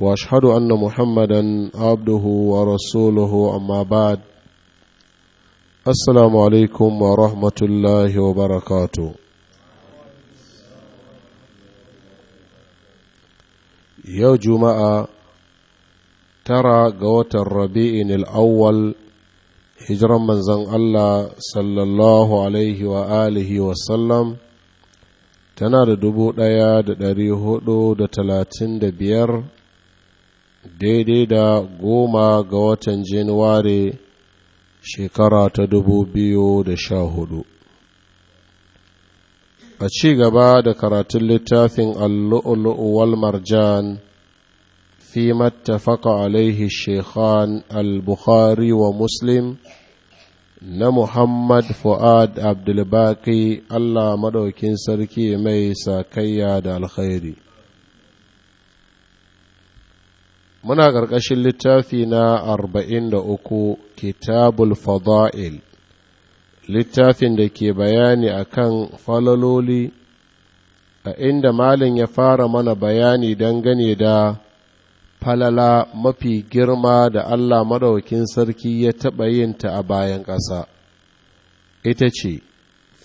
واشهد ان محمدا عبده ورسوله اما بعد السلام عليكم ورحمه الله وبركاته يا جماعه ترى قوه الربيع الاول hijiran manzan Allah sallallahu Alaihi wa alihi tana da dubu ɗaya da ɗari hudu da talatin da biyar daidai da goma ga watan januware shekara ta dubu biyu da sha hudu a ci gaba da karatun littafin allu'ulu'u wal marjan fi mattafaka alaihi shekhan al-bukhari wa muslim na muhammad fu'ad abdulbaki allah madaukin sarki mai sakayya da alkhairi muna ƙarƙashin littafi na arba'in da uku kitabul fada'il littafin da ke bayani kan falaloli a inda malin ya fara mana bayani dangane da falala mafi girma da Allah maɗaukin sarki ya taɓa yin ta a bayan ƙasa ita ce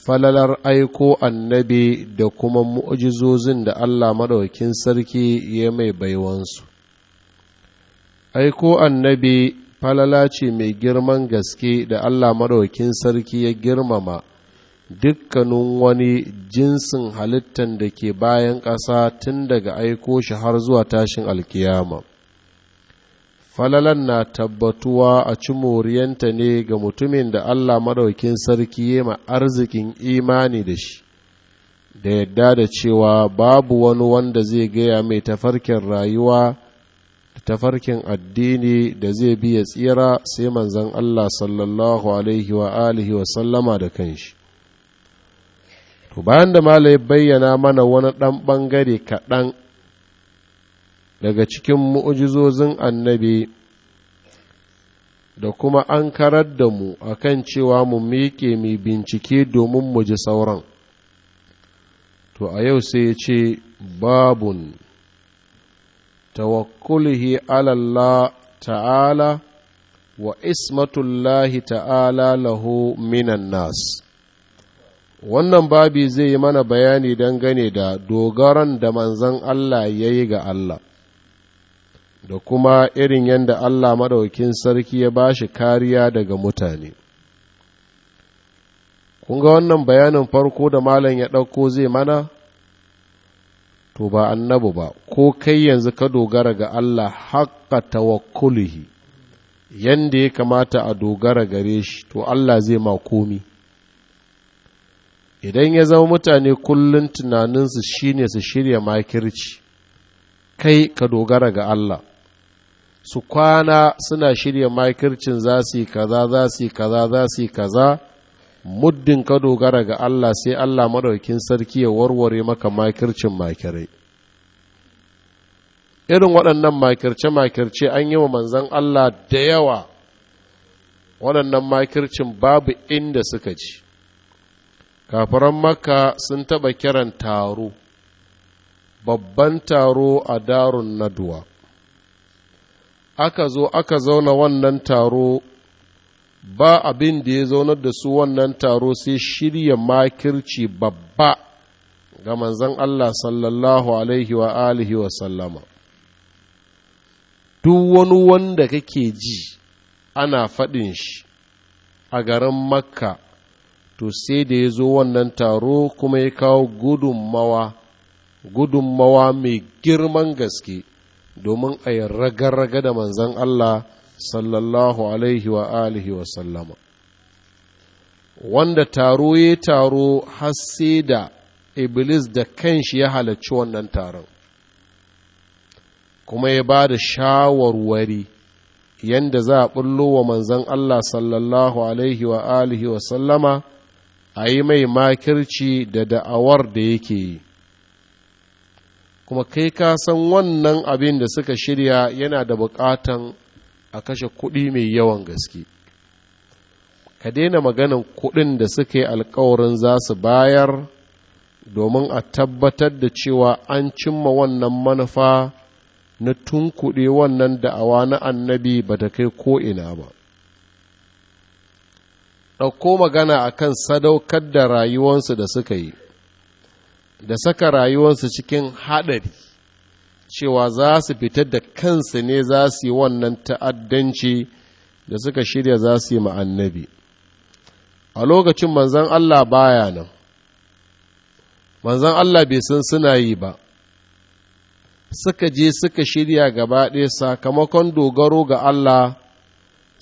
falalar aiko annabi da kuma mu'jizozin da Allah maɗaukin sarki ya mai baiwansu aiko annabi falala ce mai girman gaske da Allah maɗaukin sarki ya girmama dukkanin wani jinsin halittan da ke bayan ƙasa tun daga aiko shi har zuwa tashin alkiyama falalan na tabbatuwa a ci moriyanta ne ga mutumin da Allah maɗaukin sarki ya ma arzikin imani da shi da yadda da cewa babu wani wanda zai gaya mai tafarkin rayuwa tafarkin addini da zai biya tsira sai manzan Allah sallallahu alaihi wa alihi wa sallama da kanshi to bayan da malai bayyana mana wani ɗan ɓangare kaɗan daga cikin mu'ujizozin annabi da kuma an karar da mu a kan cewa mu miƙe mai bincike domin mu ji sauran to a yau sai ya ce babun tawakkulihi الله ta'ala wa ismatullahi ta'ala lahu من nas wannan babi zai yi mana bayani dangane da dogaron da manzan Allah ya yi ga Allah da kuma irin yadda Allah Madaukin sarki ya ba shi kariya daga mutane kun ga wannan bayanin farko da malam ya ɗauko zai mana to ba annabu ba ko kai yanzu ka dogara ga Allah haƙƙa tawakkulihi yanda ya kamata a dogara gare shi to Allah zai ma komi idan ya zama mutane kullum tunaninsu shine su shirya makirci kai ka dogara ga Allah su kwana suna shirya makircin za su yi kaza za su yi kaza za su yi kaza muddin ka dogara ga Allah sai Allah madaukin sarki ya warware maka makircin makirai irin waɗannan makirce-makirce an yi wa manzan Allah da yawa waɗannan makircin babu inda suka ji kafiran maka sun taɓa kiran taro babban taro a darun naduwa aka zo aka zauna wannan taro ba abin da ya zaunar da su wannan taro sai shirya makirci babba ga manzan Allah sallallahu alaihi wa alihi wa sallama duk wani wanda kake ji ana faɗin shi a garin makka to sai da ya zo wannan taro kuma ya kawo gudunmawa gudunmawa mai girman gaske domin a yi raga da manzan Allah sallallahu alaihi wa alihi wa sallama wanda taro ya taro har sai da iblis da kanshi ya halarci wannan taron kuma ya ba da shawarwari yadda za a ɓullo wa manzan Allah sallallahu alaihi wa alihi wa sallama a yi mai makirci da da'awar da yake yi kuma kai ka san wannan abin da suka shirya yana da bukatan a kashe kuɗi mai yawan gaske ka daina maganin kuɗin da suka alkawarin za su bayar domin a tabbatar da cewa an cimma wannan manufa na tun kuɗi wannan awa na annabi ba ta kai ko'ina ba ɗauko magana a kan sadaukar da rayuwansu da suka yi da saka rayuwansu cikin haɗari cewa za su fitar da kansu ne za su yi wannan ta'addanci da suka shirya za su yi ma'annabi a lokacin manzan Allah baya nan manzan Allah bai san suna yi ba suka je suka shirya gaba ɗaya sakamakon dogaro ga Allah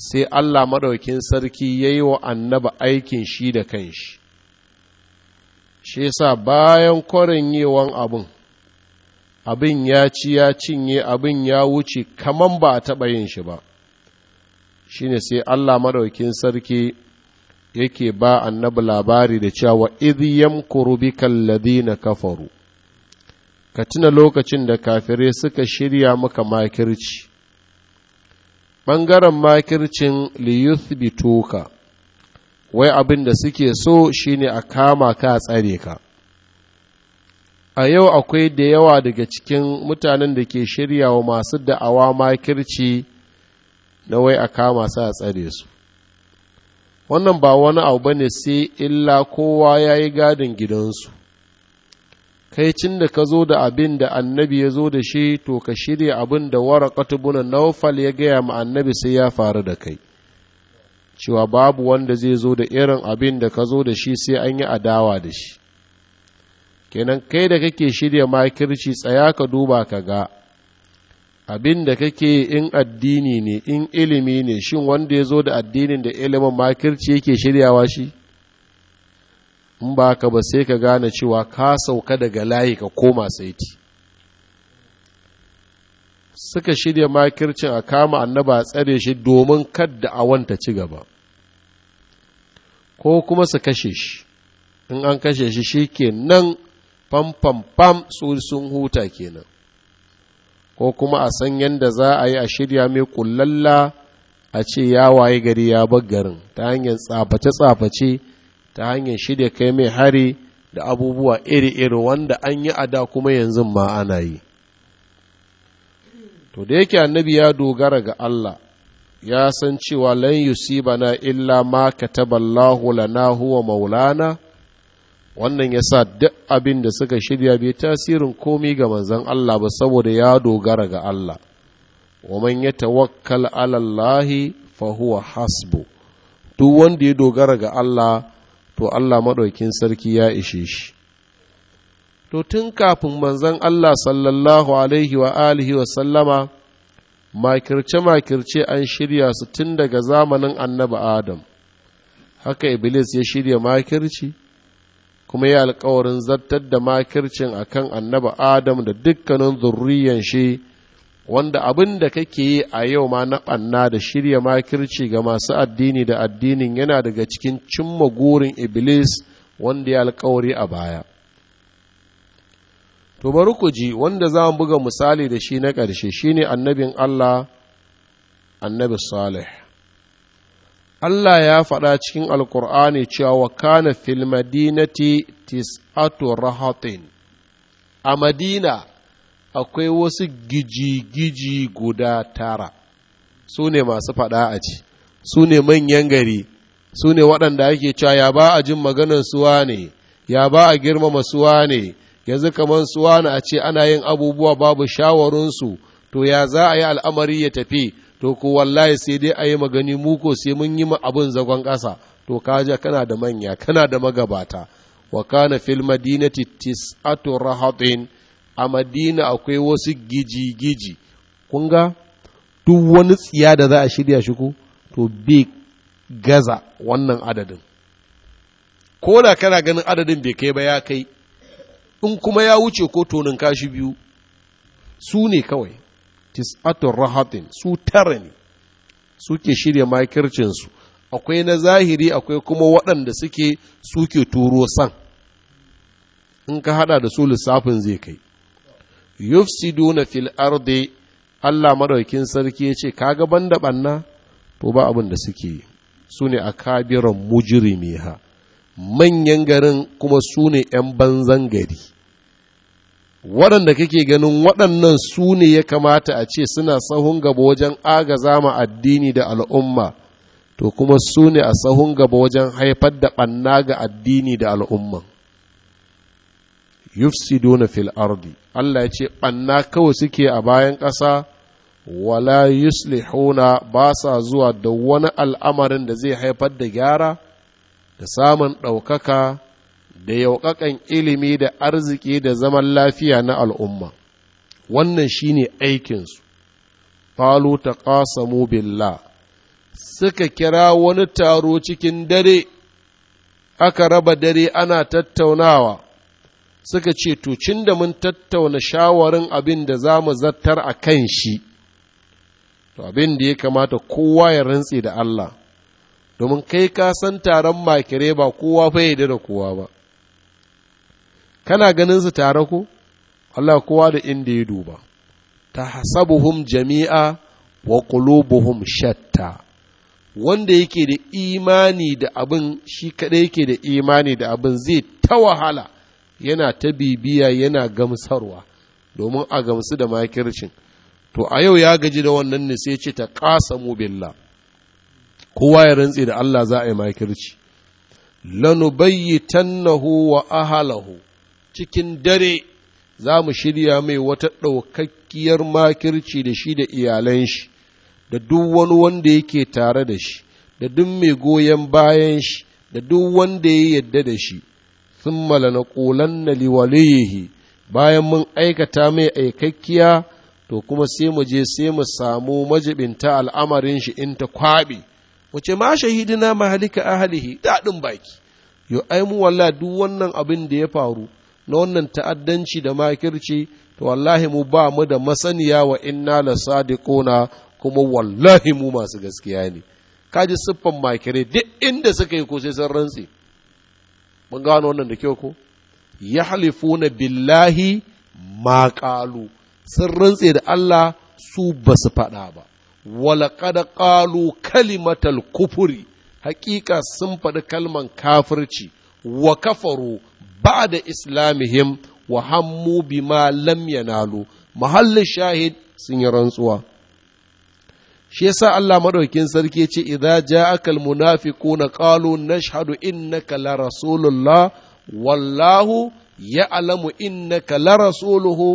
sai Allah maɗaukin sarki ya yi wa annaba aikin shi da kanshi shi sa bayan kwarin yiwon abin abin ya ci ya cinye abin ya wuce kaman ba a taɓa yin shi ba Shi ne sai Allah maɗaukin sarki yake ba annabi labari da cewa idh yamkuru bikal ladina kafaru ka tuna lokacin da kafirai suka shirya maka makirci Bangaren makircin liyuthbituka wai abin da suke so shine a kama ka tsare ka a yau akwai da yawa daga cikin mutanen da ke shirya wa masu da'awa kirci na wai a kama su a tsare su wannan ba wani abu bane sai illa kowa ya yi gadin gidansu kai cin da ka zo da abin da annabi ya zo da shi to ka shirya abin da wara katubunan naufal ya gaya ma annabi sai ya faru da kai cewa babu wanda zai zo da irin abin da ka zo da shi sai an yi adawa da shi kenan kai da kake shirya makirci tsaya ka duba ka ga abin da kake in addini ne in ilimi ne shin wanda ya zo da addinin da ilimin makirci yake shiryawa shi in ba ka ba sai ka gane cewa ka sauka daga layi ka koma saiti suka shirya makircin a kama annaba a tsare shi domin kadda a wanta ci gaba ko kuma su kashe shi in an kashe shi shi ke nan fam fam fam su sun huta kenan ko kuma a san yadda za a yi a shirya mai kullalla a ce ya waye gari ya bar garin ta hanyar tsaface-tsaface ta hanyar shirya kai mai hari da abubuwa iri-iri wanda an yi a da kuma yanzu ma ana yi to da yake annabi ya dogara ga Allah ya san cewa lan yusibana illa ma kataballahu lana huwa maulana wannan ya sa duk abin da suka shirya bai tasirin komi ga manzan Allah ba saboda ya dogara ga Allah waman ya tawakkal alallahi fahuwa Hasbo. duk wanda ya dogara ga Allah to Allah maɗaukin sarki ya ishe shi to tun kafin manzan Allah sallallahu alaihi wa alihi wa sallama makirce-makirce an shirya su tun daga zamanin annaba Adam haka Iblis ya shirya makirci kuma ya alkawarin zartar da makircin a kan annaba adam da dukkanin zurriyan shi wanda abin da kake yi a yau ma na ɓanna da shirya makirci ga masu addini da addinin yana daga cikin cimma gurin iblis wanda ya alkawari a baya to bari ku ji wanda za mu buga misali da shi na ƙarshe shine annabin allah annabi salih Allah ya faɗa cikin Alƙur'ani cewa wa kana fil madinati tis'atu rahatin a madina akwai wasu gijigiji guda tara su ne masu faɗa a ci su ne manyan gari su ne waɗanda ake cewa ya ba a jin maganar suwa ne ya ba a girmama suwa ne yanzu kamar suwa na a ce ana yin abubuwa babu shawarunsu to ya za a yi al'amari ya tafi to ko wallahi sai dai a yi magani mu sai mun yi abin zagon ƙasa to kaja kana da manya kana da magabata wa kana fil madinati tis'atu rahatin a madina akwai wasu giji-giji kun ga duk wani tsiya da za a shirya shi ko to bai gaza wannan adadin ko da kana ganin adadin bai kai ba ya kai in kuma ya wuce ko tonin kashi biyu su ne kawai tis'atun rahatin su tara ne suke shirya makircinsu akwai na zahiri akwai kuma waɗanda suke suke turo san in ka hada da su lissafin zai kai yufsiduna fil arde Allah madaukin sarki ya ce kaga da banna to ba abin da suke yi su ne a mujirimi ha manyan garin kuma su ne 'yan banzan gari waɗanda kake ganin waɗannan su ne ya kamata a ce suna sahun gaba wajen agaza ma addini da al'umma to kuma su ne a sahun gaba wajen haifar da ɓanna ga addini da al'umma yufsiduna fil ardi Allah ya ce ɓanna kawai suke a bayan ƙasa wala yuslihuna ba sa zuwa da wani al'amarin da zai haifar da gyara da samun ɗaukaka da yauƙaƙan ilimi da arziki da zaman lafiya na al'umma wannan shi ne aikinsu Falo ta ƙasamu billah suka kira wani taro cikin dare aka raba dare ana tattaunawa suka ce to da mun tattauna shawarin abin da za mu zartar a kan shi to abin da ya kamata kowa ya rantse da Allah domin kai ka san taron makire ba kowa fayyade da kowa ba kana ganin su tare ko Allah kowa da inda ya duba Ta hasabuhum jami'a wa qulubuhum shatta wanda yake da imani da abin shi kadai yake da imani da abin zai ta wahala yana ta bibiya yana gamsarwa domin a gamsu da makircin to a yau ya gaji da wannan ne sai ce ta qasamu billah kowa ya rantse da Allah za a yi makirci lanubayyitannahu wa ahalahu cikin dare za mu shirya mai wata ɗaukakkiyar makirci da shi da iyalan shi da duk wani wanda yake tare da shi da duk mai goyon bayan shi da duk wanda ya yadda da shi sun na ƙulan na liwaliyihi bayan mun aikata mai aikakkiya to kuma sai mu je sai mu samu majibinta al'amarin shi in ta kwaɓe wace ma shahidina mahalika ahalihi daɗin baki yo ai mu walla duk wannan abin da ya faru na wannan ta'addanci da makirci to wallahi mu ba mu da masaniya wa inna la sadiquna kuma wallahi mu masu gaskiya ne kaji siffan makire duk inda suka yi ko sai sun rantsi mun gano wannan da kyau ko yahlifuna billahi ma qalu sun rantse da Allah su ba su faɗa ba walaƙad ƙalu kalimatal kufuri hakika sun faɗi kalman kafirci wa kafaru Ba'a da islamihim wa hammu bima lam yanalu muhallin shahid sun yi rantsuwa shi yasa Allah maɗaukin sarki ce idza ja'akal na qalu nashhadu innaka la rasulullah wallahu ya'lamu innaka la rasuluhu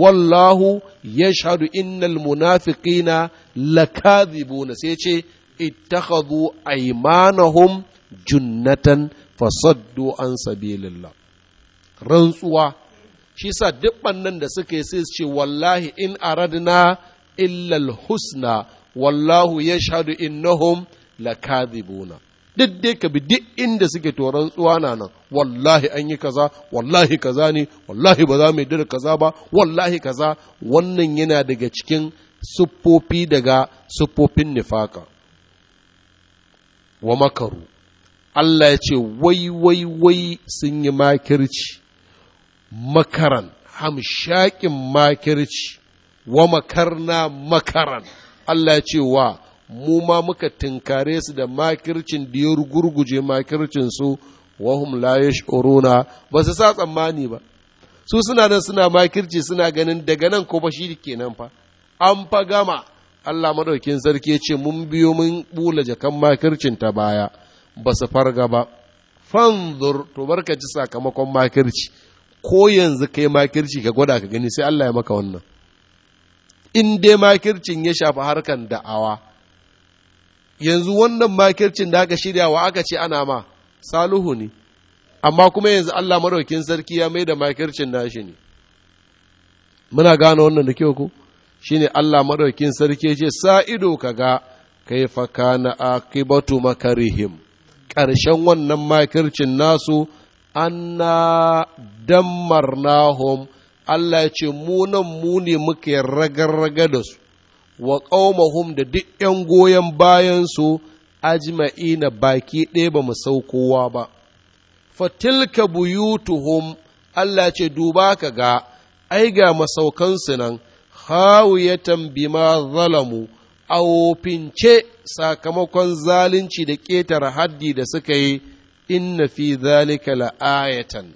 wallahu yashhadu innal munafiqina na sai ce ittakhadhu aymanahum junnatan fasaddu an sabilillah rantsuwa shi sa duk bannan da suke sai su ce wallahi in aradna illal husna wallahu ya yashhadu innahum lakadhibuna duk dai ka bi duk inda suke to rantsuwa na nan wallahi an yi kaza wallahi kaza ne wallahi ba za mu yi kaza ba wallahi kaza wannan yana daga cikin suffofi daga siffofin nifaka wa makaru Allah ya ce wai wai wai sun yi makirci makaran hamshakin makirci wa makarna makaran Allah ya ce wa mu ma muka tinkare su da makircin da ya gurguje makircin su wa hum la yash'uruna ba su sa tsammani ba su suna nan suna makirci suna ganin daga nan ko ba shi kenan fa an fa gama Allah madaukin sarki ya ce mun biyo mun bula jakan makircin ta baya ba su farga ba fanzur to barka ji sakamakon makirci ko yanzu kai makirci ka gwada ka gani sai Allah ya maka wannan in dai makircin ya shafi harkan da'awa yanzu wannan makircin da aka shirya wa aka ce ana ma saluhu ne amma kuma yanzu Allah maraukin sarki ya mai da makircin nashi ne muna gane wannan da kyau ko shine Allah maraukin sarki ya ce sa ido ka ga kaifa kana akibatu makarihim ƙarshen wannan makircin nasu anna dammarnahum Allah ya ce mu nan mu ne muke ragarraga da su wa qaumahum da duk 'yan goyon bayan su ajma'ina baki ɗaya ba mu sau kowa ba fatilka buyutuhum Allah ce duba ka ga ai ga masaukansu nan hawiyatan bima zalamu a wofince sakamakon zalunci da ƙetare haddi da suka yi inna fi zalika ayatan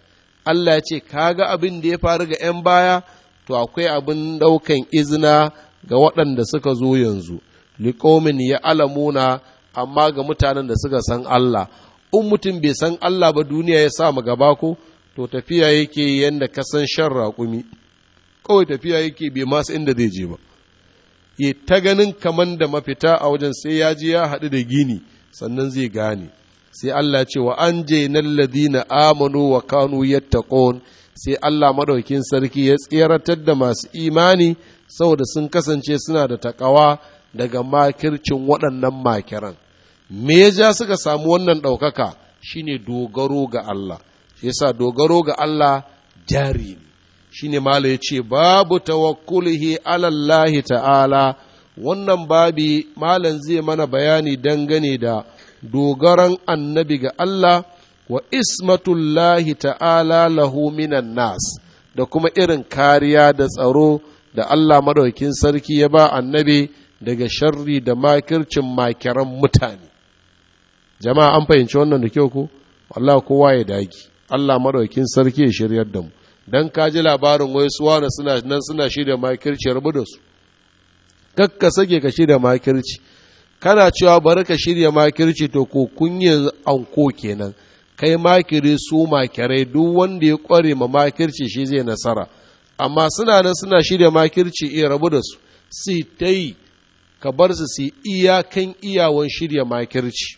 Allah ya ce kaga abin da ya faru ga 'yan baya to akwai abin ɗaukan izina ga waɗanda suka zo yanzu liƙomin ya alamuna amma ga mutanen da suka san Allah in mutum bai san Allah ba duniya ya sa gaba ko to tafiya yake yadda ka san shan raƙumi kawai tafiya yake bai masu inda zai je ba ya ta ganin kaman da mafita a wajen sai ya ji ya haɗu da gini sannan zai gane sai Allah ce wa an je ladina amanu wa kanu yattaqun sai Allah maɗaukin sarki ya tseratar da masu imani saboda sun kasance suna da takawa daga makircin waɗannan makiran me ya ja suka samu wannan ɗaukaka shine dogaro ga Allah shi yasa dogaro ga Allah jari ne shine mala ya ce babu tawakkulihi alallahi ta'ala wannan babi malam zai mana bayani dangane da dogaran annabi ga Allah wa ismatullahi ta'ala lahu minan nas da kuma irin kariya da tsaro da Allah maɗaukin sarki ya ba annabi daga sharri da makircin makiran mutane jama'a an fahimci wannan da kyau ko Allah kowa ya dagi Allah maɗaukin sarki ya shiryar da mu dan ka ji labarin wai wani suna nan suna shirya makirci rabu da su kakka sake ka shirya makirci kana cewa bari ka shirya makirci to ko kunyin anko kenan kai makiri su makirai duk wanda ya kware ma makirci shi zai nasara amma suna nan suna shirya makirci iya rabu da su sai ta yi ka bar su iya kan iyawan shirya makirci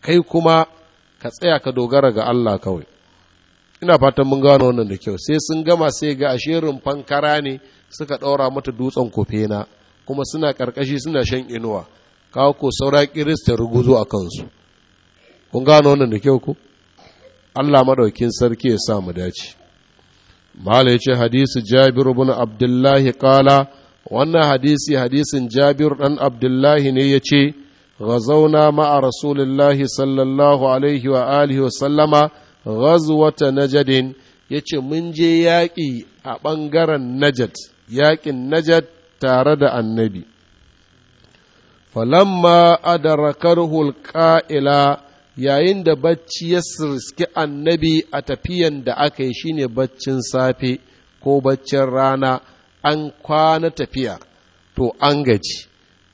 kai kuma ka tsaya ka dogara ga Allah kawai ina fatan mun gano wannan da kyau sai sun gama sai ga ashirin fankara ne suka ɗaura mata dutsen kofena kuma suna ƙarƙashi suna shan inuwa kawo ko saura kirista ruguzo a kansu kun gano wannan da kyau ku Allah madaukin sarki ya sa mu dace mala ce hadisi Jabir bin Abdullah ƙala, wannan hadisi hadisin Jabir dan Abdullah ne yace غزونا مع رسول الله صلى الله عليه وآله وسلم غزوة نجد yace mun je yaƙi a ɓangaren najat yaƙin najat tare da annabi falamma adarakarhul ƙa'ila yayin da bacci ya riski annabi a tafiyan da aka yi shine baccin safe ko baccin rana an kwana tafiya to an gaji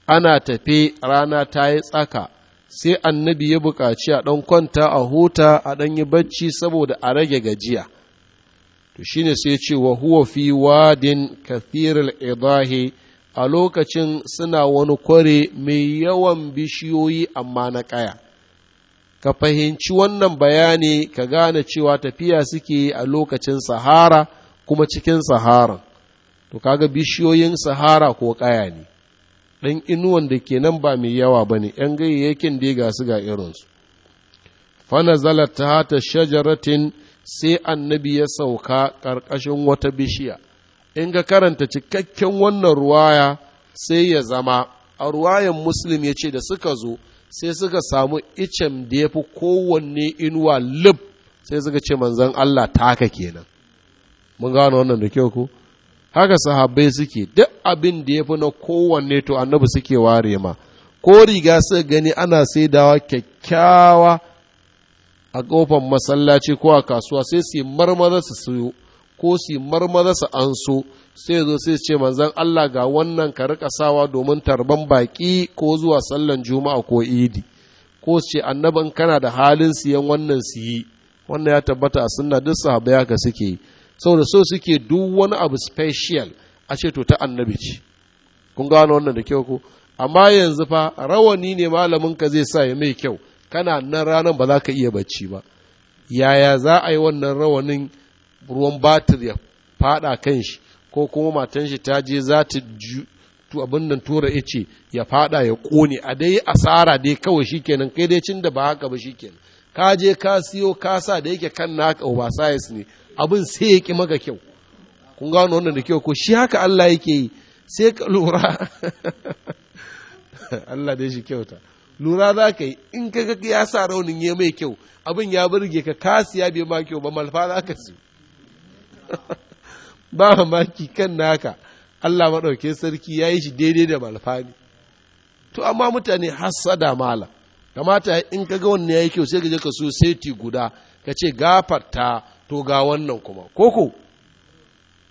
ana tafi rana ta yi tsaka sai annabi ya buƙaci a ɗan kwanta a huta a ɗan yi bacci saboda a rage gajiya to shine sai ce wa huwa fi wadin kathiril idahi a lokacin suna wani kware mai yawan bishiyoyi amma na ƙaya ka fahimci wannan bayani ka gane cewa tafiya suke a lokacin sahara kuma cikin sahara to kaga bishiyoyin sahara ko ƙaya ne ɗan inuwan da ke nan ba mai yawa ba ne ‘yan gayyakin da ga su ga irinsu fana zalata ta shajaratin sai annabi ya sauka ƙarƙashin wata bishiya in ga karanta cikakken wannan ruwaya sai ya zama a ruwayan muslim ya ce da suka zo sai suka samu icem da ya fi kowanne inuwa lib sai suka ce manzan Allah taka kenan mun gano wannan da kyau ku haka sahabbai suke duk abin da ya fi na kowanne to annabi suke ware ma ko riga suka gani ana saidawa kyakkyawa a ƙofar masallaci ko a kasuwa sai su yi marmaza su siyo ko su marmaza su an so sai zo sai ce manzan Allah ga wannan ka rika sawa domin tarban baki ko zuwa sallan juma'a ko idi ko ce annaban kana da halin siyan wannan siyi yi wannan ya tabbata a sunna duk ya ka suke saboda so suke duk wani abu special a ce to ta annabi ce kun gano wannan da kyau ko amma yanzu fa rawani ne malamin ka zai sa ya mai kyau kana nan ranar ba za ka iya bacci ba yaya za a yi wannan rawanin ruwan batir ya fada kan shi ko kuma matan shi ta je za ta abin nan tura ice ya fada ya kone a dai asara dai kawai shikenan kai dai cin da ba haka ba shikenan ka je ka siyo ka sa da yake kan naka ba science ne abin sai ya ki maka kyau kun gano wannan da kyau ko shi haka Allah yake yi sai ka lura Allah dai shi kyauta lura za ka yi in ka ya sa raunin ya mai kyau abin ya burge ka kasiya bai ma kyau ba malfa za ka siyo ba mamaki kan naka Allah maɗauke sarki ya yi shi daidai da malfani to amma mutane hassada mala kamata in ka ga ya yi kyau sai ka je ka so seti guda ka ce gafarta to ga wannan kuma koko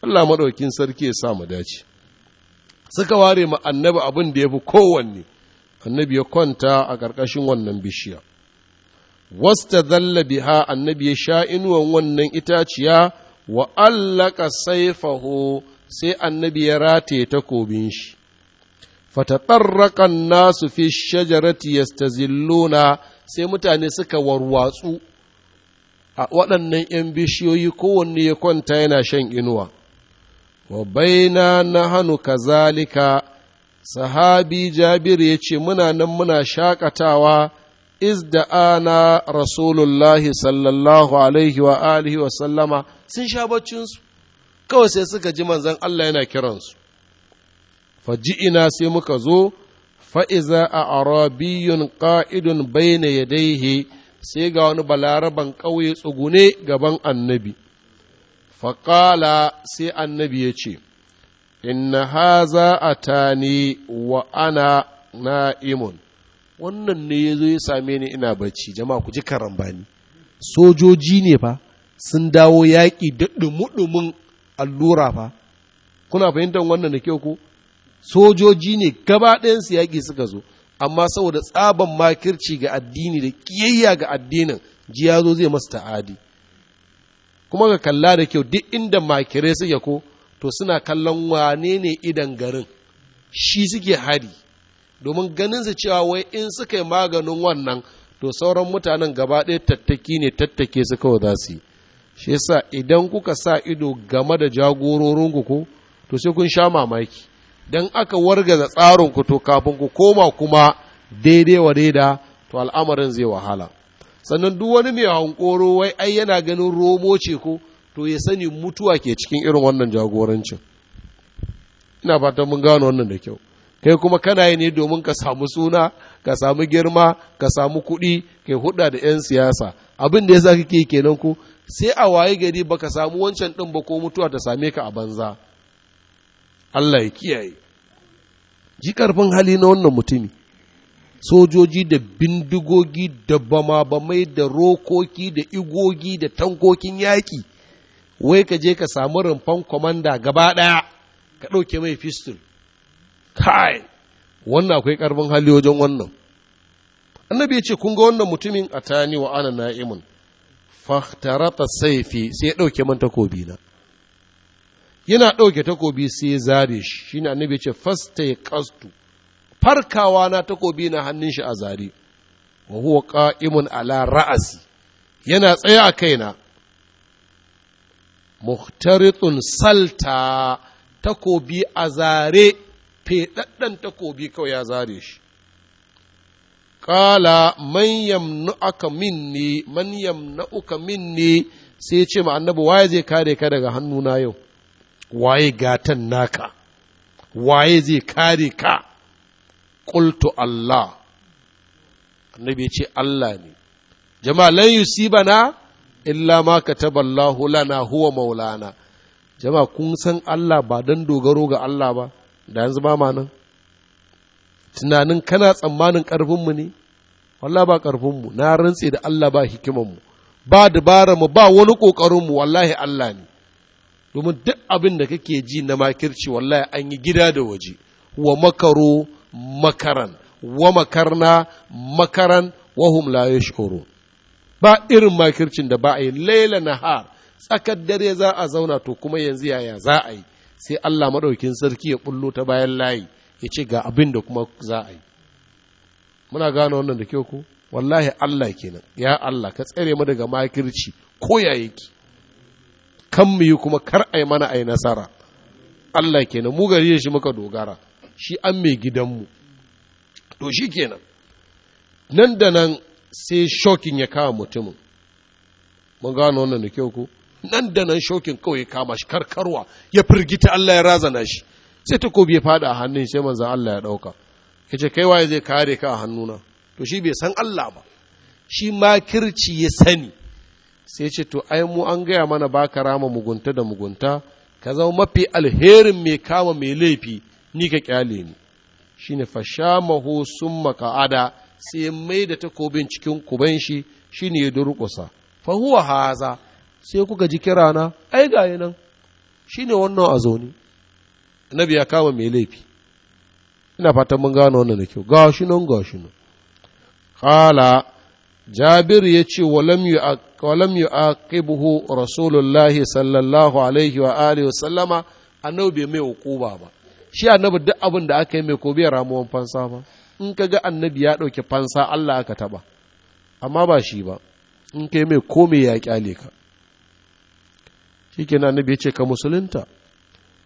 Allah maɗaukin sarki ya sa mu dace suka ware ma annabi abin da ya fi kowanne annabi ya kwanta a ƙarƙashin wannan bishiya wasta zalla biha annabi ya sha inuwan wannan itaciya wa allaka saifahu sai annabi ya rataye takobin shi fatatarraka nasu fi shajarati yastazilluna sai mutane suka warwatsu a waɗannan 'yan bishiyoyi kowanne ya kwanta yana shan inuwa wa baina na hannu kazalika sahabi jabir ya ce muna nan muna shakatawa ana rasulullahi sallallahu alaihi wa alihi wa sallama sun sha baccinsu kawai sai suka ji manzan Allah yana kiransu faji'ina sai muka zo fa'iza a arabiyun ƙa'idun bayna yadaihi sai ga wani balaraban ƙauye tsugune gaban annabi faƙala sai annabi ya ce inna haza a tani wa ana na'imun wannan ne ya zo ya same ni ina barci jama'a ku ji karambani sojoji ne fa sun dawo yaƙi da ɗumuɗumin allura fa kuna fahimtar wannan da kyau ko sojoji ne gaba ɗayansu yaƙi suka zo amma saboda tsaban makirci ga addini da ƙiyayya ga addinin ji ya zo zai masu ta'adi kuma ga kalla da kyau duk inda makirai suke ko to suna kallon wane ne idan garin shi suke hari domin ganin su cewa wai in suka yi maganin wannan to sauran mutanen gaba ɗaya tattaki ne tattake su kawai za su yi shi yasa idan kuka sa ido game da jagororinku ko to sai kun sha mamaki dan aka wargaza ku to kafin ku koma kuma daidai wa daida to al'amarin zai wahala sannan duk wani mai hankoro wai ai yana ganin romo ce ko to ya sani mutuwa ke cikin irin wannan jagorancin ina fatan mun gano wannan da kyau kai kuma kana yi ne domin ka samu suna ka samu girma ka samu kuɗi kai huɗa da 'yan siyasa abin da ya sa kake kenan ku sai a waye gari baka samu wancan ɗin ba ko mutuwa ta same ka a banza Allah ya kiyaye ji karfin hali na wannan mutumi sojoji da bindigogi da bama-bamai da rokoki da igogi da tankokin yaƙi wai ka je ka samu rumfan kwamanda gaba ɗaya ka ɗauke mai fistul kai wannan akwai karfin hali wajen wannan annabi ya ce kun ga wannan mutumin a tani wa ana na'imun fahtarata saifi sai ya ɗauke man takobi na yana ɗauke takobi sai ya zare shi shine annabi ya ce fasta ya kastu farkawa na takobi na hannun shi a zare wa huwa ala ra'asi yana tsaya a kaina muhtaritun salta takobi a zare ɗaɗɗan takobi kawai ya zare shi ƙala man yamna'uka minni man minni sai ce ma annabi waye zai kare ka daga hannuna yau waye gatan naka waye zai kare ka qultu Allah annabi ce Allah ne jama'a lan na illa ma kataballahu lana huwa maulana jama'a kun san Allah ba don dogaro ga Allah ba da yanzu ba ma nan tunanin kana tsammanin ƙarfinmu ne wallah ba ƙarfinmu na rantse da Allah ba hikimanmu ba mu ba wani ƙoƙarinmu wallahi Allah ne domin duk abin da kake ji na makirci wallahi an yi gida da waje wa makaro makaran wa makarna makaran hum la yashkuru ba irin makircin da ba a yi laila nahar tsakar dare za a zauna to kuma yanzu yaya za a yi sai Allah maɗaukin sarki ya bullo ta bayan layi ya ce ga abin da kuma za a yi muna gane wannan da kyau ko wallahi Allah kenan ya Allah ka tsere mu daga makirci ko ya yake kan mu yi kuma kar ai mana ai nasara Allah kenan mu gari shi muka dogara shi an mai gidanmu to shi kenan nan da nan sai shokin ya kawo mutumin mun gano wannan da kyau ko nan da nan shokin kawai kama shi karkarwa ya firgita Allah ya razana shi sai takobi ya fada a hannun sai manzan Allah ya ɗauka. ya ce kai waye zai kare ka a hannuna to shi bai san Allah ba shi ma kirci ya sani sai ce to ai mu an gaya mana baka rama mugunta da mugunta ka zama mafi alherin mai kama mai laifi ni ka kyale ni shine fashamahu sun maka'ada sai mai da takobin cikin kuban shi ne ya durƙusa fa huwa haza sai kuka ji kira na ai gaye nan ne wannan a zaune na ya kama mai laifi ina fatan mun gano wannan da kyau gashi nan gashi nan kala jabir ya ce walam a aqibuhu rasulullahi sallallahu alaihi wa alihi wa sallama annabi bai mai hukuba ba shi annabi duk abin da aka yi mai kobe ramuwan fansa ba in ka ga annabi ya ɗauki fansa Allah aka taɓa amma ba shi ba in ka yi mai ko ya kyale ka shi ke annabi ya ce ka musulunta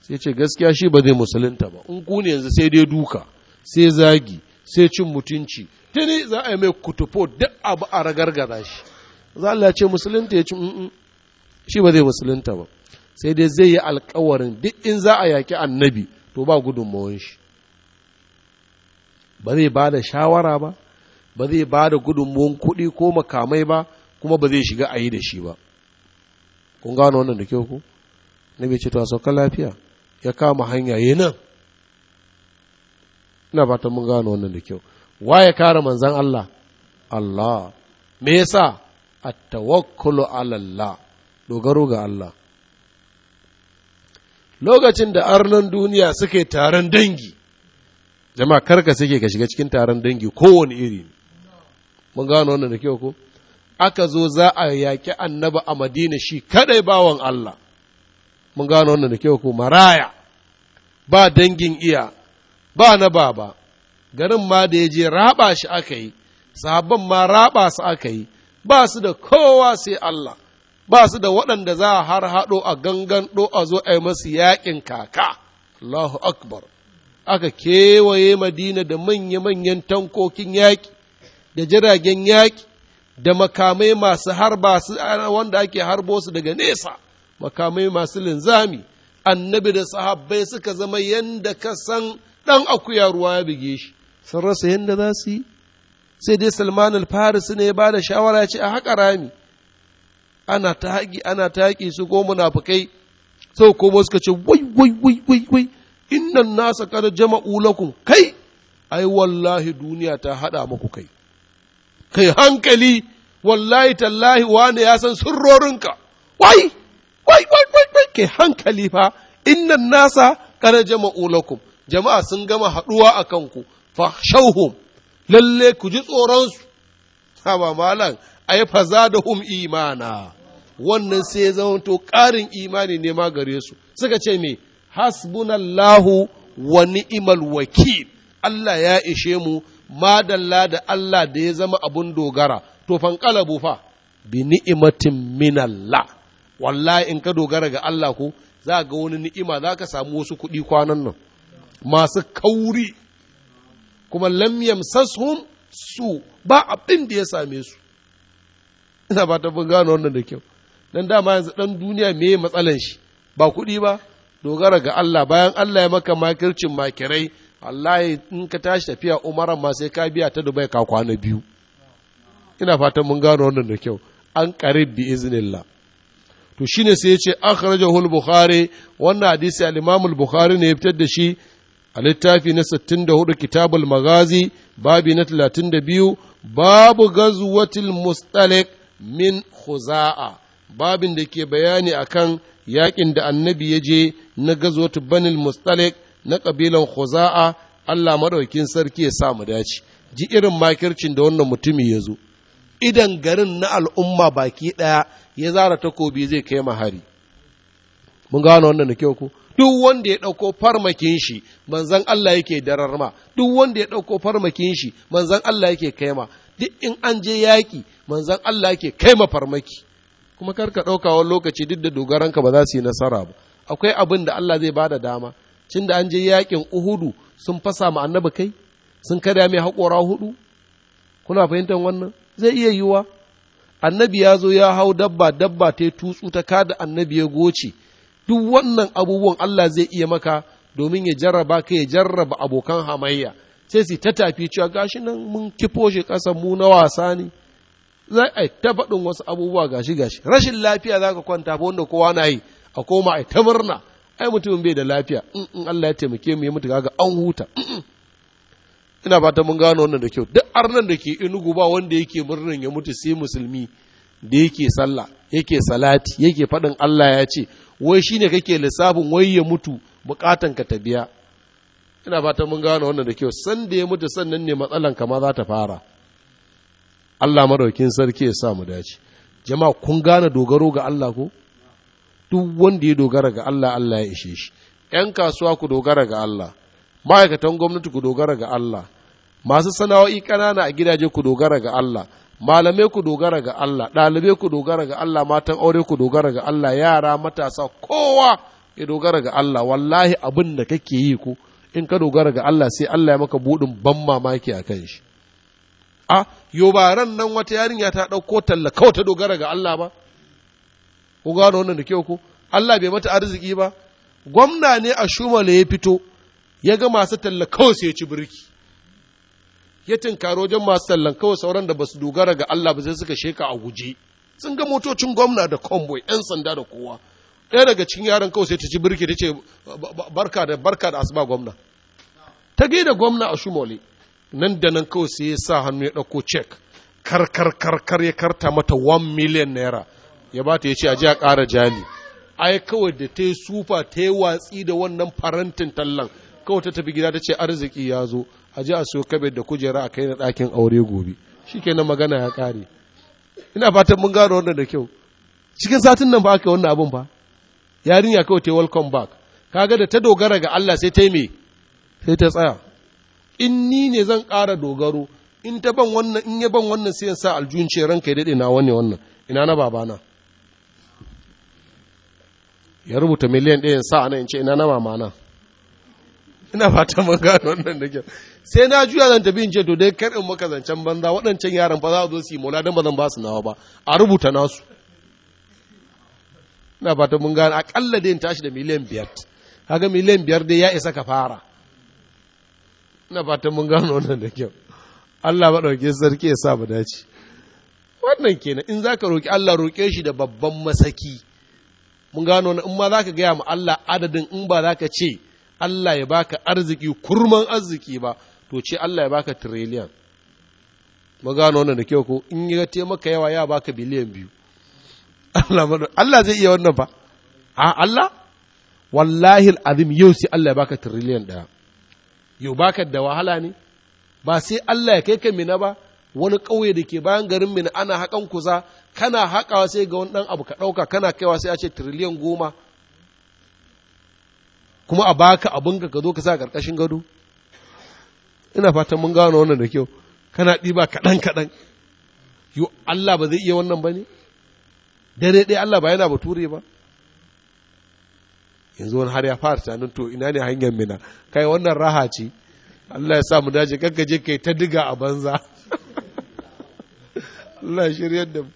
sai ce gaskiya shi ba zai musulunta ba in ku ne yanzu sai dai duka sai zagi sai cin mutunci ne za a yi mai kutufo duk abu a ragargaza shi za a ce musulunta ya ci shi ba zai musulunta ba sai dai zai yi alkawarin duk in za a yaki annabi to ba gudunmawan shi ba zai ba da shawara ba ba zai ba da gudunmawan kuɗi ko makamai ba kuma ba zai shiga a yi da shi ba kun gano wannan da kyau ku na bai ce to a sauka lafiya ya kama hanya yi nan ina fatan mun gano wannan da kyau wa ya kare manzan Allah Allah me yasa at-tawakkulu ala Allah dogaro ga Allah lokacin da arnan duniya suke taron dangi jama'a karka suke ka shiga cikin taron dangi kowane iri mun gano wannan da kyau ko aka zo za a yaƙi annaba a madina shi kaɗai bawan Allah mun gano wannan da kyau ko maraya ba dangin iya ba na baba garin ma da ya je raba shi aka yi sahabban ma raba su aka yi ba su da kowa sai Allah ba su da waɗanda za a har haɗo a gangan ɗo a zo a yi masu yaƙin kaka Allahu akbar aka kewaye madina da manya-manyan tankokin yaƙi da jiragen yaƙi da makamai masu harba su wanda ake harbo su daga nesa makamai masu linzami annabi da sahabbai suka zama yadda ka san ɗan akuya ruwa ya buge shi sun rasa yadda za su yi sai dai salman al-farisi ne ya ba da shawara ce a haƙa rami ana ta haƙi ana ta haƙi su ko munafukai sau ko suka ce wai wai wai wai wai innan nasa kada jama'u lakum kai ai wallahi duniya ta haɗa maku kai kai hankali wallahi tallahi wane ya san surrorinka wai wai wai wai wai kai hankali fa innan nasa kana jama'u lakum jama'a sun gama haɗuwa a kanku fa shauhum lalle ku ji su. haba malam ai faza da hum imana wannan sai ya zama to ƙarin imani ne ma gare su suka ce me hasbunallahu wa ni'mal wakil Allah ya ishe mu madalla da Allah da ya zama abun dogara to fankalabu fa bi ni'matin minallah wallahi in ka dogara ga Allah ko za ga wani ni'ima za ka samu wasu kuɗi kwanan nan masu kauri kuma lam sashun su ba abin da ya same su ina ba ta bin gano wannan da kyau dan dama yanzu dan duniya me matsalan shi ba kuɗi ba dogara ga Allah bayan Allah ya maka makircin makirai wallahi in ka tashi tafiya umaran ma sai ka biya ta dubai ka kwana biyu ina fatan mun gano wannan da kyau an qarib bi iznillah to shine sai ya ce akhrajahu al-bukhari wannan hadisi al-imam al-bukhari ne ya fitar da shi a littafi na 64 kitabul magazi babi na 32 babu gazwatil mustalik min khuza'a babin da ke bayani akan yakin da annabi ya je na gazwatu banil mustalik na ƙabilan Khuza'a Allah maɗaukin sarki ya sa mu dace ji irin makircin da wannan mutumi ya zo idan garin na al'umma baki ɗaya ya zara takobi zai kai mahari mun gano wannan da kyau ko duk wanda ya ɗauko farmakin shi manzan Allah yake dararma duk wanda ya ɗauko farmakin shi manzan Allah yake ma. duk in an je yaƙi manzan Allah yake ma farmaki kuma karka ɗauka wani lokaci duk da dogaranka ba za su yi nasara ba akwai abin da Allah zai bada dama cin da an je yakin uhudu sun fasa ma annabi kai sun karya mai haƙora hudu kuna fahimtar wannan zai iya yiwa annabi ya zo ya hau dabba dabba ta tutsu ta kada annabi ya goce duk wannan abubuwan Allah zai iya maka domin ya jarraba ka ya jarraba abokan hamayya sai su ta tafi cewa gashi nan mun kifo shi ƙasa mu na wasa ne Zai ai ta faɗin wasu abubuwa gashi gashi rashin lafiya za ka kwanta ba wanda kowa na yi a koma ai ta murna ai mutumin bai da lafiya in Allah ya taimake mu ya mutu kaga an huta ina fata mun gano wannan da kyau duk arnan da ke inugu ba wanda yake murnan ya mutu sai musulmi da yake sallah yake salati yake faɗin Allah ya ce wai shine kake lissafin wai ya mutu bukatan ka ta biya ina fata mun gano wannan da kyau san da ya mutu sannan ne matsalan ka ma za ta fara Allah madaukin sarki ya sa mu dace jama'a kun gane dogaro ga Allah ko duk wanda ya dogara ga Allah Allah ya ishe shi ‘yan kasuwa ku dogara ga Allah ma'aikatan gwamnati ku dogara ga Allah masu sana'o'i ƙanana a gidaje ku dogara ga Allah malamai ku dogara ga Allah ɗalibai ku dogara ga Allah matan aure ku dogara ga Allah yara matasa kowa ya dogara ga Allah wallahi abin da kake yi ku in ka dogara ga Allah sai Allah ya maka buɗin ban mamaki a kan shi a yobaran nan wata yarinya ta ɗauko talla kawai ta dogara ga Allah ba ku gano wannan da kyau ku Allah bai mata arziki ba gwamna ne a shumale ya fito ya ga masu talla kawai sai ya ci birki ya tinkaro wajen masu tallan kawai sauran da ba su dogara ga Allah ba sai suka sheka a guje sun ga motocin gwamna da convoy yan sanda da kowa ɗaya daga cikin yaran kawai sai ta ci birki ta ce barka da barka da asuba gwamna ta gaida gwamna a shumole nan da nan kawai sai ya sa hannu ya ɗauko cek kar kar kar kar ya karta mata 1 million naira ya ba ta ya ce a ji a ƙara jami ai kawai da ta yi sufa ta yi watsi da wannan farantin tallan kawai ta tafi gida ta ce arziki ya zo a ji a siyo kabe da kujera a kai na ɗakin aure gobe shi kenan magana ya ƙare ina fatan mun gano wannan da kyau cikin satin nan ba aka wannan abin ba yarinya kawai ta yi welcome back kaga da ta dogara ga Allah sai ta yi me sai ta tsaya in ni ne zan ƙara dogaro in ta ban wannan in ya ban wannan sai ya sa aljun ce ranka ya daɗe na wanne wannan ina na babana ya rubuta miliyan ɗaya sa ana in ce ina na mama na ina fata mun gano wannan da kyau sai na juya zan tafi in ce to dai kar in maka zancen banza waɗancan yaran ba za su zo su yi mola don ba zan ba su nawa ba a rubuta nasu ina fata mun gano aƙalla dai in tashi da miliyan biyar kaga miliyan biyar dai ya isa ka fara ina fata mun gano wannan da kyau Allah ɗauke sarki ya sa mu dace wannan kenan in zaka roki Allah roke shi da babban masaki mun gano na in ma za ka gaya ma Allah adadin in ba za ka ce Allah ya baka arziki kurman arziki ba to ce Allah ya baka trillion mun gano wannan da kyau ko in ya taimaka yawa ya baka biliyan biyu Allah zai iya wannan ba a Allah wallahi al'azim yau sai Allah ya baka trillion daya yau baka da wahala ne ba sai Allah ya kai ka mina ba wani ƙauye da ke bayan garin mina ana haƙan kuza kana haƙawa sai ga wani ɗan abu ka ɗauka kana kaiwa sai a ce tiriliyan goma kuma a baka abin ka zo ka sa ƙarƙashin gado ina fatan mun gano wannan da kyau kana ɗiba kaɗan kaɗan yo Allah ba zai iya wannan ba ne dare ɗaya Allah ba yana bature ba yanzu wani har ya fara tunanin to ina ne hanyar mina kai wannan raha ce Allah ya sa mu dace kakkaje kai ta diga a banza Allah shiryar da mu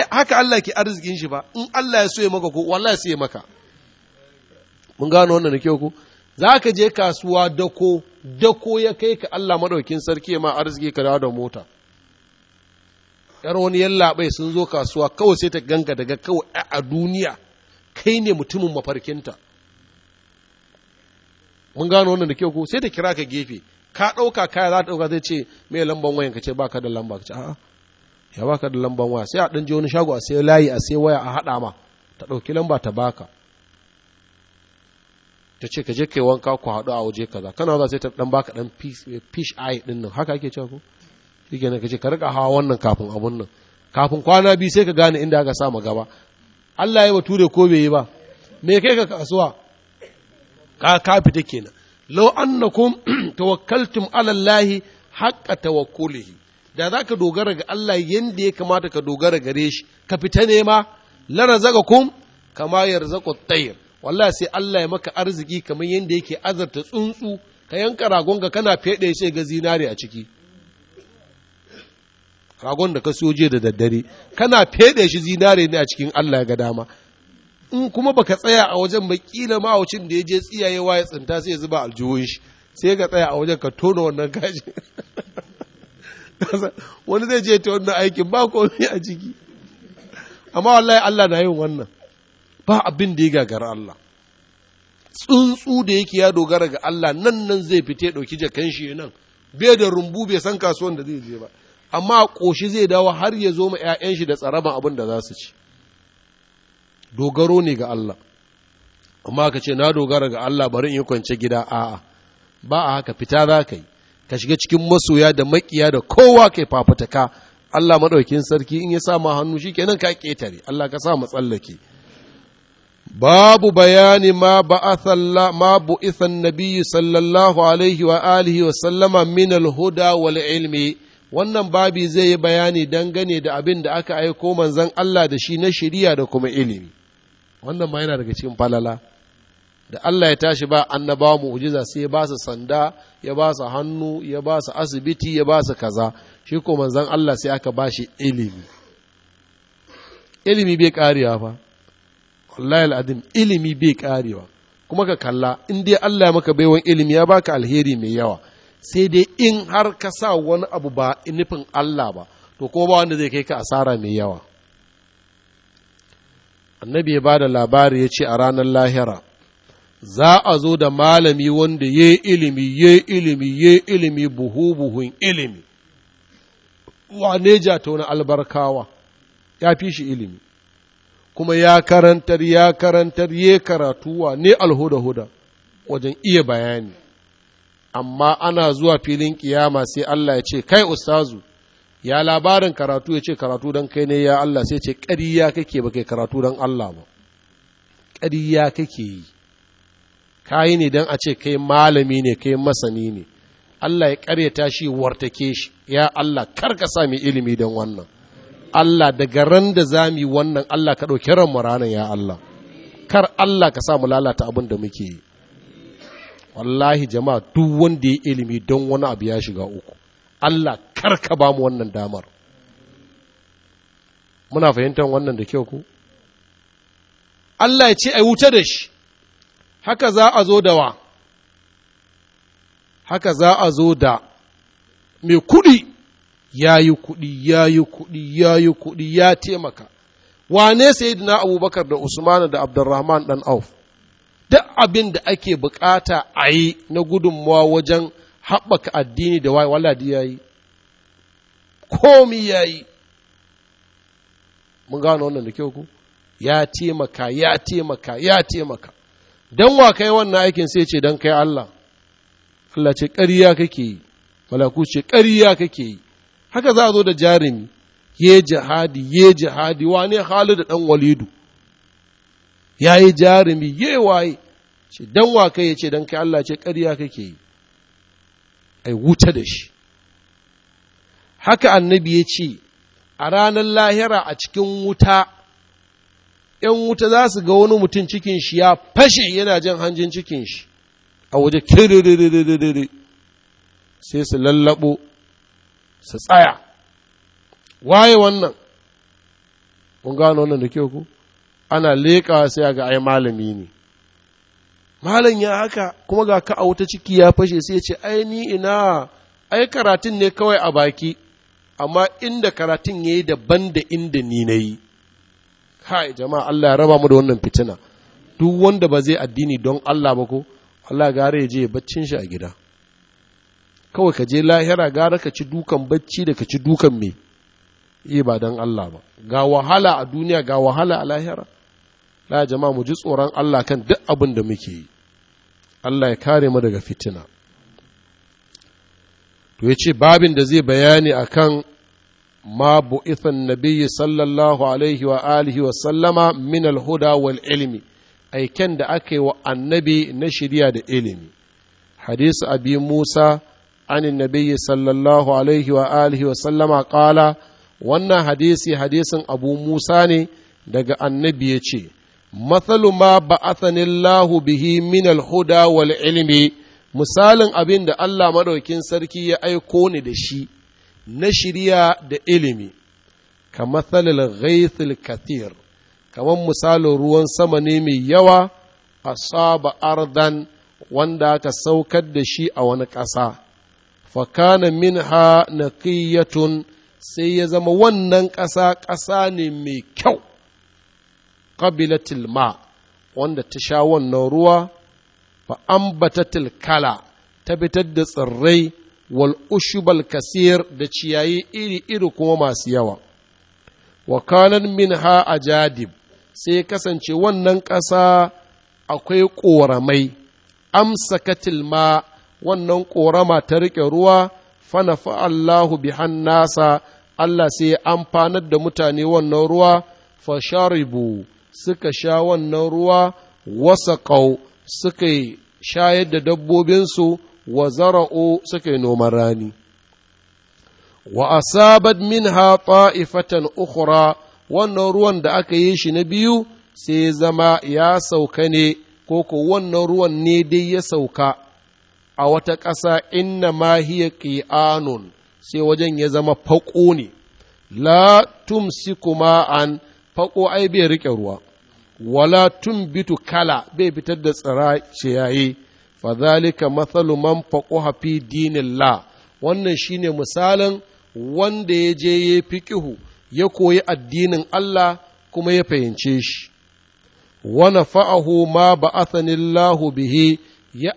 haka Allah ke arzikin shi ba in Allah ya soye maka ko wallahi sai ya maka mun gano wannan da ke ko za ka je kasuwa dako dako ya kai ka Allah madaukin sarki ma arziki ka da mota yar wani yallaɓai sun zo kasuwa kawai sai ta ganga daga kawai a duniya kai ne mutumin mafarkinta mun gano wannan da ke ko sai ta kira ka gefe ka ɗauka kaya za ta ɗauka zai ce me lamban wayanka ce baka da lamba ka ce a'a ya baka da lamban waya sai a ɗan je wani shago a sai layi a sai waya a haɗa ma ta ɗauki lamba ta baka ta ce ka je kai wanka ku haɗu a waje kaza kana za sai ta ɗan baka ɗan fish eh, eye ɗin nan haka ake cewa ko shi kenan ka ce ka riƙa hawa wannan kafin abun nan kafin kwana biyu sai ka gane inda aka sa gaba Allah ya Ture ko bai yi ba me kai ka kasuwa ka ka fita kenan law annakum tawakkaltum ala Allah haqqa tawakkulihi da za ka dogara ga Allah yadda ya kamata ka dogara gare shi ka fita nema lara zaga kum kama yarzaku tayr wallah sai Allah ya maka arziki kamar yadda yake azarta tsuntsu ka yanka ragon ga kana fede shi ga zinari a ciki ragon da ka siyo soje da daddare kana fede shi zinari ne a cikin Allah ya ga dama in kuma baka tsaya a wajen ba kila ma'aucin da ya je tsiyayewa ya tsinta sai ya zuba aljuhun shi sai ka tsaya a wajen ka tona wannan gashi wani zai je ta wannan aikin ba komai a ciki amma wallahi Allah na yin wannan ba abin da ya gagara Allah tsuntsu da yake ya dogara ga Allah nan nan zai fite ɗauki jakan shi nan bai da rumbu bai san kasuwan da zai je ba amma ƙoshi zai dawo har ya zo ma 'ya'yan shi da tsaraban abin da za su ci dogaro ne ga Allah amma ka ce na dogara ga Allah bari in kwance gida a'a ba a haka fita za ka yi ka shiga cikin masoya da makiya da kowa kai fafataka Allah maɗaukin sarki in ya sa ma hannu shi kenan ka ƙetare Allah ka sa matsallake babu bayani ma ba'athalla ma bu'ithan nabiyyu sallallahu alaihi wa alihi wa sallama min al wal ilmi wannan babi zai yi bayani dangane da abin da aka aiko manzon Allah da shi na shirya da kuma ilimi wannan ma yana daga cikin falala da Allah ya tashi ba annabawa mu'jiza sai ya ba su sanda ya ba su hannu ya ba su asibiti ya ba su kaza shi ko manzon Allah sai aka ba shi ilimi ilimi bai karewa ba wallahi al'adim ilimi bai karewa kuma ka kalla in dai Allah ya maka baiwan ilimi ya baka alheri mai yawa sai dai in har ka sa wani abu ba nufin Allah ba to ko ba wanda zai kai ka asara mai yawa annabi ya ba da labari ya ce a ranar lahira za a zo da malami wanda ya yi ilimi ya ilimi ya ilimi buhu buhun ilimi wane ta wani albarkawa ya fi shi ilimi kuma ya karantar ya karantar ya karatuwa ne alhuda-huda wajen iya bayani amma ana zuwa filin kiyama sai Allah ya ce kai ustazu ya labarin karatu ya ce karatu don kai ne ya Allah sai ce kariya kake ba kai karatu don Allah ba kariya kake yi ka yi ne don a ce kai malami ne kai masani ne Allah ya karyata shi wartake shi ya Allah kar ka sa ilimi don wannan Allah daga ran da za mu yi wannan Allah ka ɗauki ran ranar ya Allah kar Allah ka sa mu lalata abin da muke yi wallahi jama'a duk wanda ya ilimi don wani abu ya shiga uku Allah kar ka ba mu wannan damar muna fahimtar wannan da kyau ku Allah ya ce ai wuta da shi haka za a zo da wa haka za a zo da mai kuɗi ya yi kuɗi ya yi kuɗi ya yi kuɗi ya taimaka wane sayyidina abubakar da usmanu da abdurrahman dan auf duk abin da ake bukata a yi na gudunmawa wajen haɓaka addini da wai waladi ya yi komi ya yi mun gano wannan da kyau ku ya taimaka ya taimaka ya taimaka don wa kai wannan aikin sai ce don kai Allah Allah ce ƙarya kake yi malaku ce ƙarya kake yi haka za a zo da jarumi ye jihadi ye jihadi wane halu da ɗan walidu ya yi jarumi ye waye ce don wa kai ya ce don kai Allah ce ƙarya kake yi ai wuce da shi haka annabi ya ce a ranar lahira a cikin wuta ‘yan wuta za su ga wani mutum cikin shi ya fashe yana jan hanjin cikin shi a waje kiririririririri sai su lallabo su tsaya waye wannan kun gano wannan da kyau ku ana leƙa sai ga ai malami ne malam ya haka kuma ga ka a wuta ciki ya fashe sai ce ai ni ina ai karatun ne kawai a baki amma inda karatun ya yi daban da inda ni na kai jama'a Allah ya raba mu da wannan fitina duk wanda ba zai addini don Allah ba ko Allah gare ya je baccin shi a gida kawai ka je lahira gara ka ci dukan bacci da ka ci dukan me eh ba don Allah ba ga wahala a duniya ga wahala a lahira la jama'a mu ji tsoron Allah kan duk abin da muke yi Allah ya kare mu daga fitina to yace babin da zai bayani akan ma bu'ithan nabiyyi sallallahu alaihi wa alihi wa sallama min alhuda wal ilmi aiken da aka yi wa annabi na shirya da ilimi hadis abi musa an nabiyyi sallallahu alaihi wa alihi wa sallama qala wannan hadisi hadisin abu musa ne daga annabi ya ce mathalu ma ba'athanillahu bihi minal alhuda wal ilmi misalin abin da Allah madaukin sarki ya aiko ni da shi na shirya da ilimi ka matsalil ghaithil kathir kamar misalin ruwan sama ne mai yawa a saba ardan wanda aka saukar da shi a wani ƙasa fakana na naqiyatun sai ya zama wannan ƙasa ƙasa ne mai kyau ƙabilatil ma wanda ta sha wannan ruwa fa ambatatil kala ta fitar da tsirrai wal ushubal kasir da ciyayi iri-iri kuma masu yawa wa kanan min ha a jadib sai kasance wannan ƙasa akwai ƙoramai amsakatil ma wannan ƙorama ta riƙe ruwa fana fa'allahu bihan nasa Allah sai ya amfanar da mutane wannan ruwa fa fasharibu suka sha wannan ruwa wasa suka shayar da dabbobinsu wa zara'u suka yi noman rani wa asabat haɓa ta'ifatan ukhra wannan ruwan da aka yi shi na biyu sai zama ya sauka ne ko ko wannan ruwan ne dai ya sauka a wata ƙasa inna ma hiya qi'anun sai wajen ya zama faƙo ne la tumsiku an faƙo ai bai riƙe ruwa wala bitu kala bai fitar da tsira yayi. fadhalika mathalu man faquha fi dinillah wannan shine misalin wanda ya je ya fiqihu ya koyi addinin Allah kuma ya fahimce shi wa nafa'ahu ma ba'athani Allah bihi ya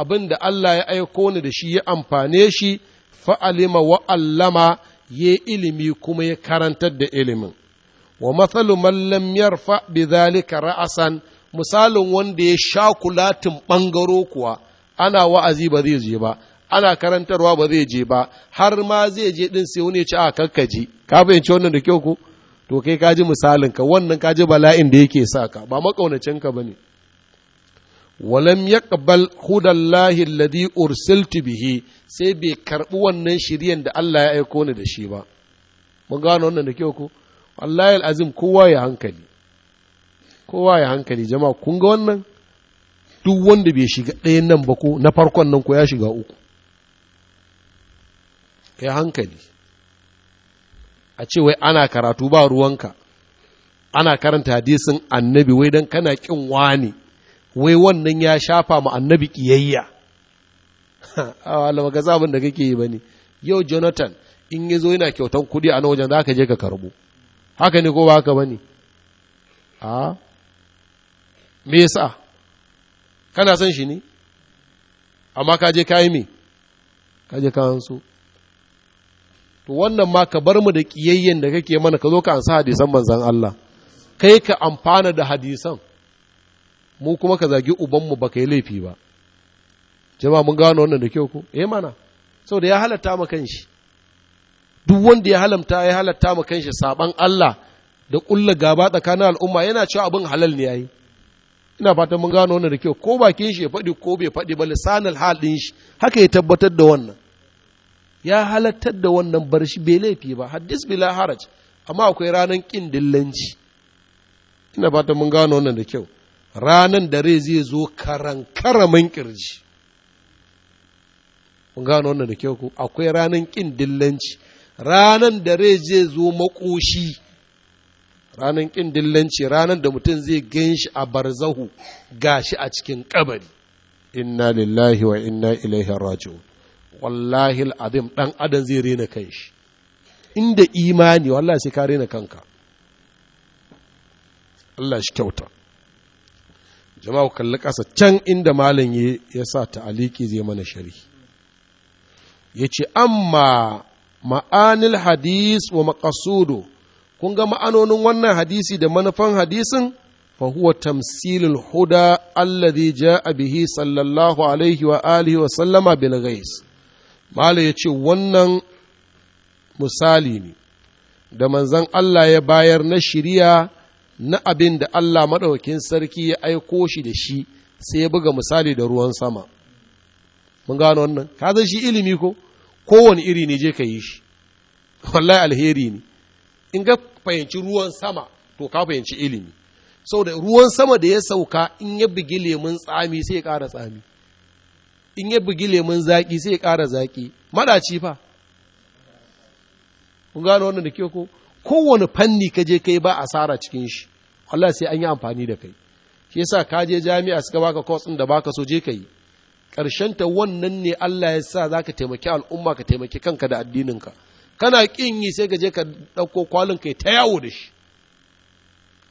abin da Allah ya aiko ni da shi ya amfane shi fa'alima wa allama ya ilimi kuma ya karantar da ilimin wa mathalu man lam yarfa bidhalika ra'asan misalin wanda ya sha kulatin ɓangaro kuwa ana wa'azi ba zai je ba ana karantarwa ba zai je ba har ma zai je ɗin sai wani ya ci a kakkaji ka fahimci wannan da kyau ku, to kai ka ji misalin ka wannan ka ji bala'in da yake sa ka ba makaunacin ka ne walam yaqbal hudallahi ladi ursiltu bihi sai bai karɓi wannan shiryan da Allah ya aiko ni da shi ba mun gano wannan da kyau ku. wallahi alazim kowa ya hankali kowa ya hankali jama'a kun ga wannan duk wanda bai shiga ɗayan nan ba ko na farkon nan ko ya shiga uku kai hankali a ce wai ana karatu ba ruwanka ana karanta hadisin annabi wai don kana ƙin wani wai wannan ya shafa ma annabi ƙiyayya alama ga zabin da kake yi ba ne yau jonathan in ya zo yana kyautan kuɗi a nan wajen za ka je ka karbo haka ne ko ba haka ba ne a ah. me yasa kana son shi ne amma ka je kayi me ka je ka hanso to wannan ma ka bar mu da kiyayyen da kake mana ka zo ka ansa hadisan manzon Allah kai ka amfana da hadisan mu kuma ka zagi uban ba ka yi laifi ba jama'a mun gano wannan da kyau ko eh mana saboda ya halatta ma kanshi duk wanda ya halamta ya halatta ma kanshi saban Allah da kullu gaba tsakanin al'umma yana cewa abin halal ne yayi ina fatan mun gano wannan da kyau ko bakin shi ya faɗi ko bai faɗi ba lisanul hal din shi haka ya tabbatar da wannan ya halattar da wannan bar shi bai laifi ba hadis bila haraj amma akwai ranan kin dillanci ina fatan mun gano wannan da kyau ranan da rai zai zo karan karamin kirji mun gano wannan da kyau ko akwai ranan kin dillanci ranan da rai zai zo makoshi Ranan ƙin dillanci ranar da mutum zai gan a barzahu gashi a cikin ƙabari. inna lillahi wa inna ilaihi raji'un wallahi al'adim dan adam zai rena kanshi inda imani wallahi sai ka rena kanka Allah shi kyauta jama'a kalli ƙasa can inda malam ya sa ta'aliki zai mana shari yace amma ma'anil hadis wa maqasudu kun ga ma'anonin wannan hadisi da manufan hadisin fa huwa tamsilul huda alladhi ja'a bihi sallallahu alaihi wa alihi wa sallama bil ghais mala yace wannan misali ne da manzon Allah ya bayar na shiriya na abin da Allah maɗaukin sarki ya aiko shi da shi sai ya buga misali da ruwan sama mun gano wannan ka shi ilimi ko kowane iri ne je ka yi shi wallahi alheri ne in ga fahimci ruwan sama to ka fahimci ilimi saboda ruwan sama da ya sauka in ya bugi lemun tsami sai ya ƙara tsami in ya bugi lemun zaƙi sai ya ƙara zaƙi maɗaci fa kun gano wannan da ke ko kowane fanni ka je kai ba asara cikin shi Allah sai an yi amfani da kai shi yasa ka je jami'a suka baka course da baka so je kai ta wannan ne Allah ya sa za ka taimaki al'umma ka taimaki kanka da addininka kana ƙin yi sai ka je ka ɗauko kwalin kai ta yawo da shi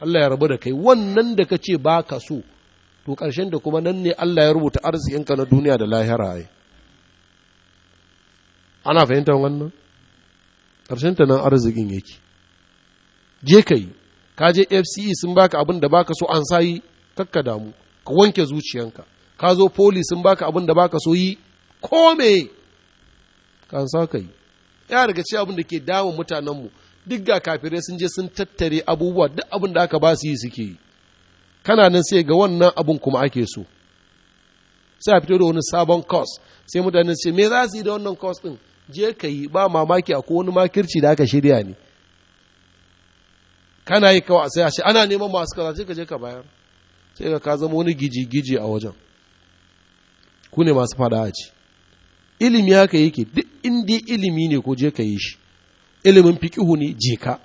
Allah ya rabu da kai wannan da ka ce ba ka so to ƙarshen da kuma nan ne Allah ya rubuta arzikinka na duniya da lahira ai ana fahimtar wannan ƙarshen ta nan arzikin yake je ka yi ka je fce sun baka abin da baka so an sayi kakka damu ka wanke zuciyanka ka zo police sun baka abin da baka so yi ko me ka an sa ka yi ya daga ce abin da ke damun mutanenmu duk ga kafirai sun je sun tattare abubuwa duk abin da aka ba su yi suke yi kana nan sai ga wannan abin kuma ake so sai a fito da wani sabon kos sai mutane ce me za su yi da wannan kos din je ka yi ba mamaki a wani makirci da aka shirya ne kana yi kawai sai a ce ana neman masu kaza sai ka je ka bayar sai ka zama wani gijigiji a wajen ku ne masu fada a ci ilimi haka yake duk inda ilimi ne ko je ka yi shi ilimin fiqihu ne je ka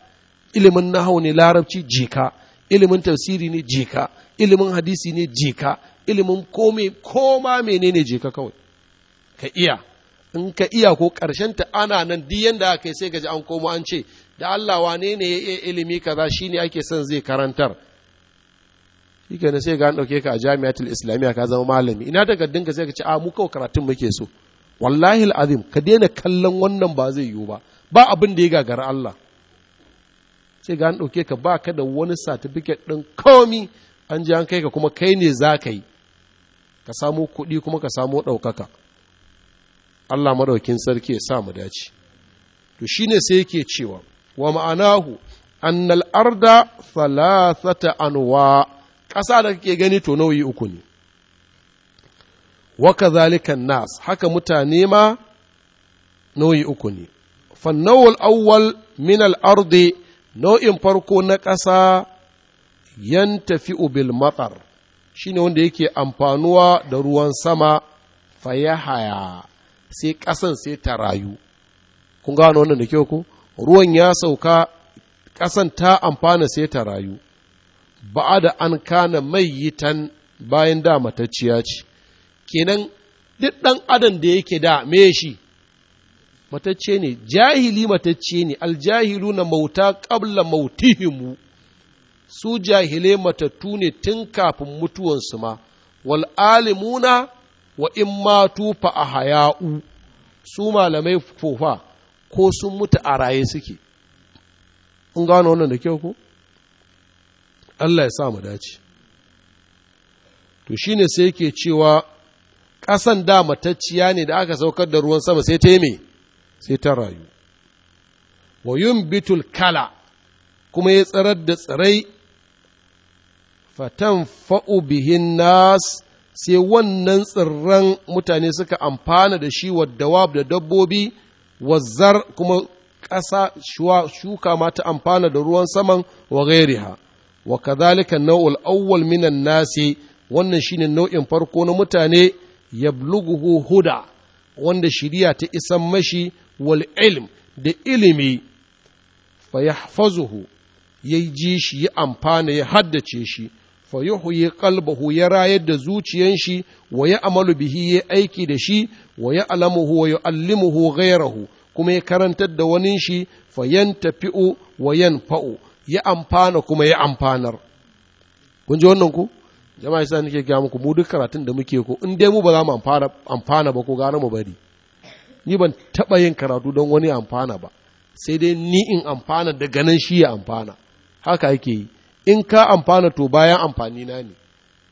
ilimin nahau ne larabci je ka ilimin tafsiri ne je ka ilimin hadisi ne je ka ilimin kome koma menene je ka kawai ka iya in ka iya ko karshen ta ana nan duk yanda aka sai gaji an komo an ce da Allah wane ne ya iya ilimi kaza shine ake son zai karantar shi ne sai ga an ɗauke ka a jami'atul islamiyya ka zama malami ina takardun ka sai ka ce a mu kawai karatun muke so wallahi azim ka daina kallon wannan ba zai yiwu ba ba abin da ya gagara Allah sai ga an ɗauke ka ba ka da wani satifiket ɗin komi an ji an kai ka kuma kai ne za ka yi ka samo kuɗi kuma ka samo ɗaukaka Allah madaukin sarki ya sa mu dace to shine sai yake cewa wa ma'anahu annal arda thalathata anwa ƙasa da kake gani to nauyi uku ne waka zalikan nas haka mutane ma nau'i uku ne fannawul awwal min al'ardi nau'in farko na ƙasa yan tafi bil matsar shi ne wanda yake amfanuwa da ruwan sama fayahaya sai ƙasan sai ta rayu kun gano wannan da kyau ko ruwan ya sauka ƙasan ta amfana sai ta rayu ba'a da an kana mai yitan bayan da matacciya ce kenan duk ɗan adam da yake da me shi matacce ne jahili matacce ne aljahilu na mauta ƙabla mautihimu su jahile matattu ne tun kafin mutuwansu ma wal alimuna wa in matu fa a haya'u su malamai fofa ko sun mutu a raye suke in gano wannan da kyau ko Allah ya sa mu dace to shine sai yake cewa ƙasan da matacciya ne da aka saukar da ruwan sama sai ta yi sai ta rayu wa yun bitul kala kuma ya tsarar da tsirai fatan fa'u bihin nas sai wannan tsirran mutane suka amfana da shi wa dawab da dabbobi zar kuma ƙasa shuka ma ta amfana da ruwan saman wa wa kazalika nau'ul awwal minan nasi wannan shine nau'in farko na mutane yablughu huda wanda shiriya ta isan mashi wal ilm da ilimi fa yahfazuhu yayi ji shi ya amfana ya haddace shi fa yuhyi qalbuhu ya rayar da zuciyan shi wa ya amalu bihi ya aiki da shi wa ya alamuhu wa yuallimuhu ghayrahu kuma ya karantar da wani shi fa yantafi'u wa yanfa'u ya amfana kuma ya amfanar kun ji wannan ku jama'a yasa nake ga muku mu duk karatun da muke ko in dai mu ba za mu amfana ba ko gane mu bari ni ban taba yin karatu don wani amfana ba sai dai ni in amfana da ganin shi ya amfana haka yake yi in ka amfana to bayan amfani na ne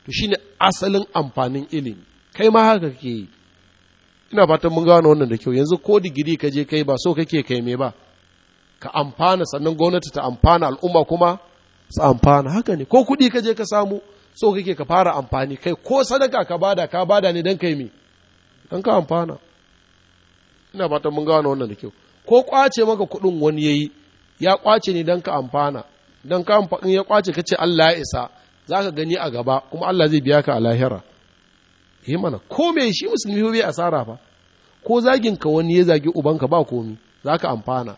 to shine asalin amfanin ilimi kai ma haka kake yi ina fatan mun gano wannan da kyau yanzu ko digiri ka je kai ba so kake kai me ba ka amfana sannan gwamnati ta amfana al'umma kuma su amfana haka ne ko kuɗi ka je ka samu so kake ka fara amfani kai ko sadaka ka bada ka bada ne don kai mi don ka amfana ina fatan mun gano wannan da kyau ko kwace maka kuɗin wani yayi ya kwace ne don ka amfana don ka amfani ya kwace ka Allah ya isa za ka gani a gaba kuma Allah zai biya ka a lahira yi mana ko me shi musulmi bai asara fa? ko zagin ka wani ya zagi uban ka ba komi za ka amfana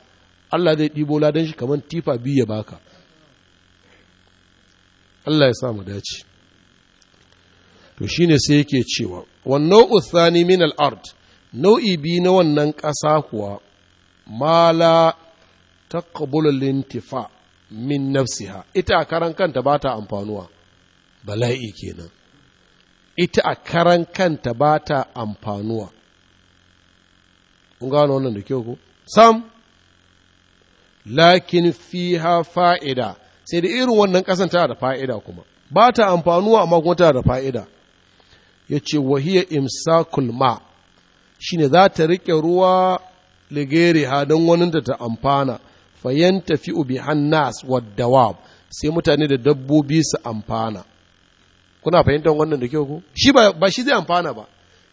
Allah zai ɗibo ladan shi kamar tifa biyu ya baka Allah ya samu dace to ne sai yake cewa wannan uthani min al nau'i bi na wannan ƙasa kuwa mala taqbulu lintifa min nafsiha ita a karan kanta ba ta amfanuwa bala'i kenan ita a karan kanta ba ta amfanuwa kun gano wannan da kyau ko sam lakin fiha fa'ida sai da irin wannan ƙasan tana da fa'ida kuma ba ta amfanuwa amma kuma tana da fa'ida ya ce wahiya imsa kulma shi ne za ta riƙe ruwa ligeriha don waninta ta amfana fayan tafi ubi hannas wadda sai mutane da dabbobi su amfana kuna fahimtar wannan da kyau ko shi ba shi zai amfana ba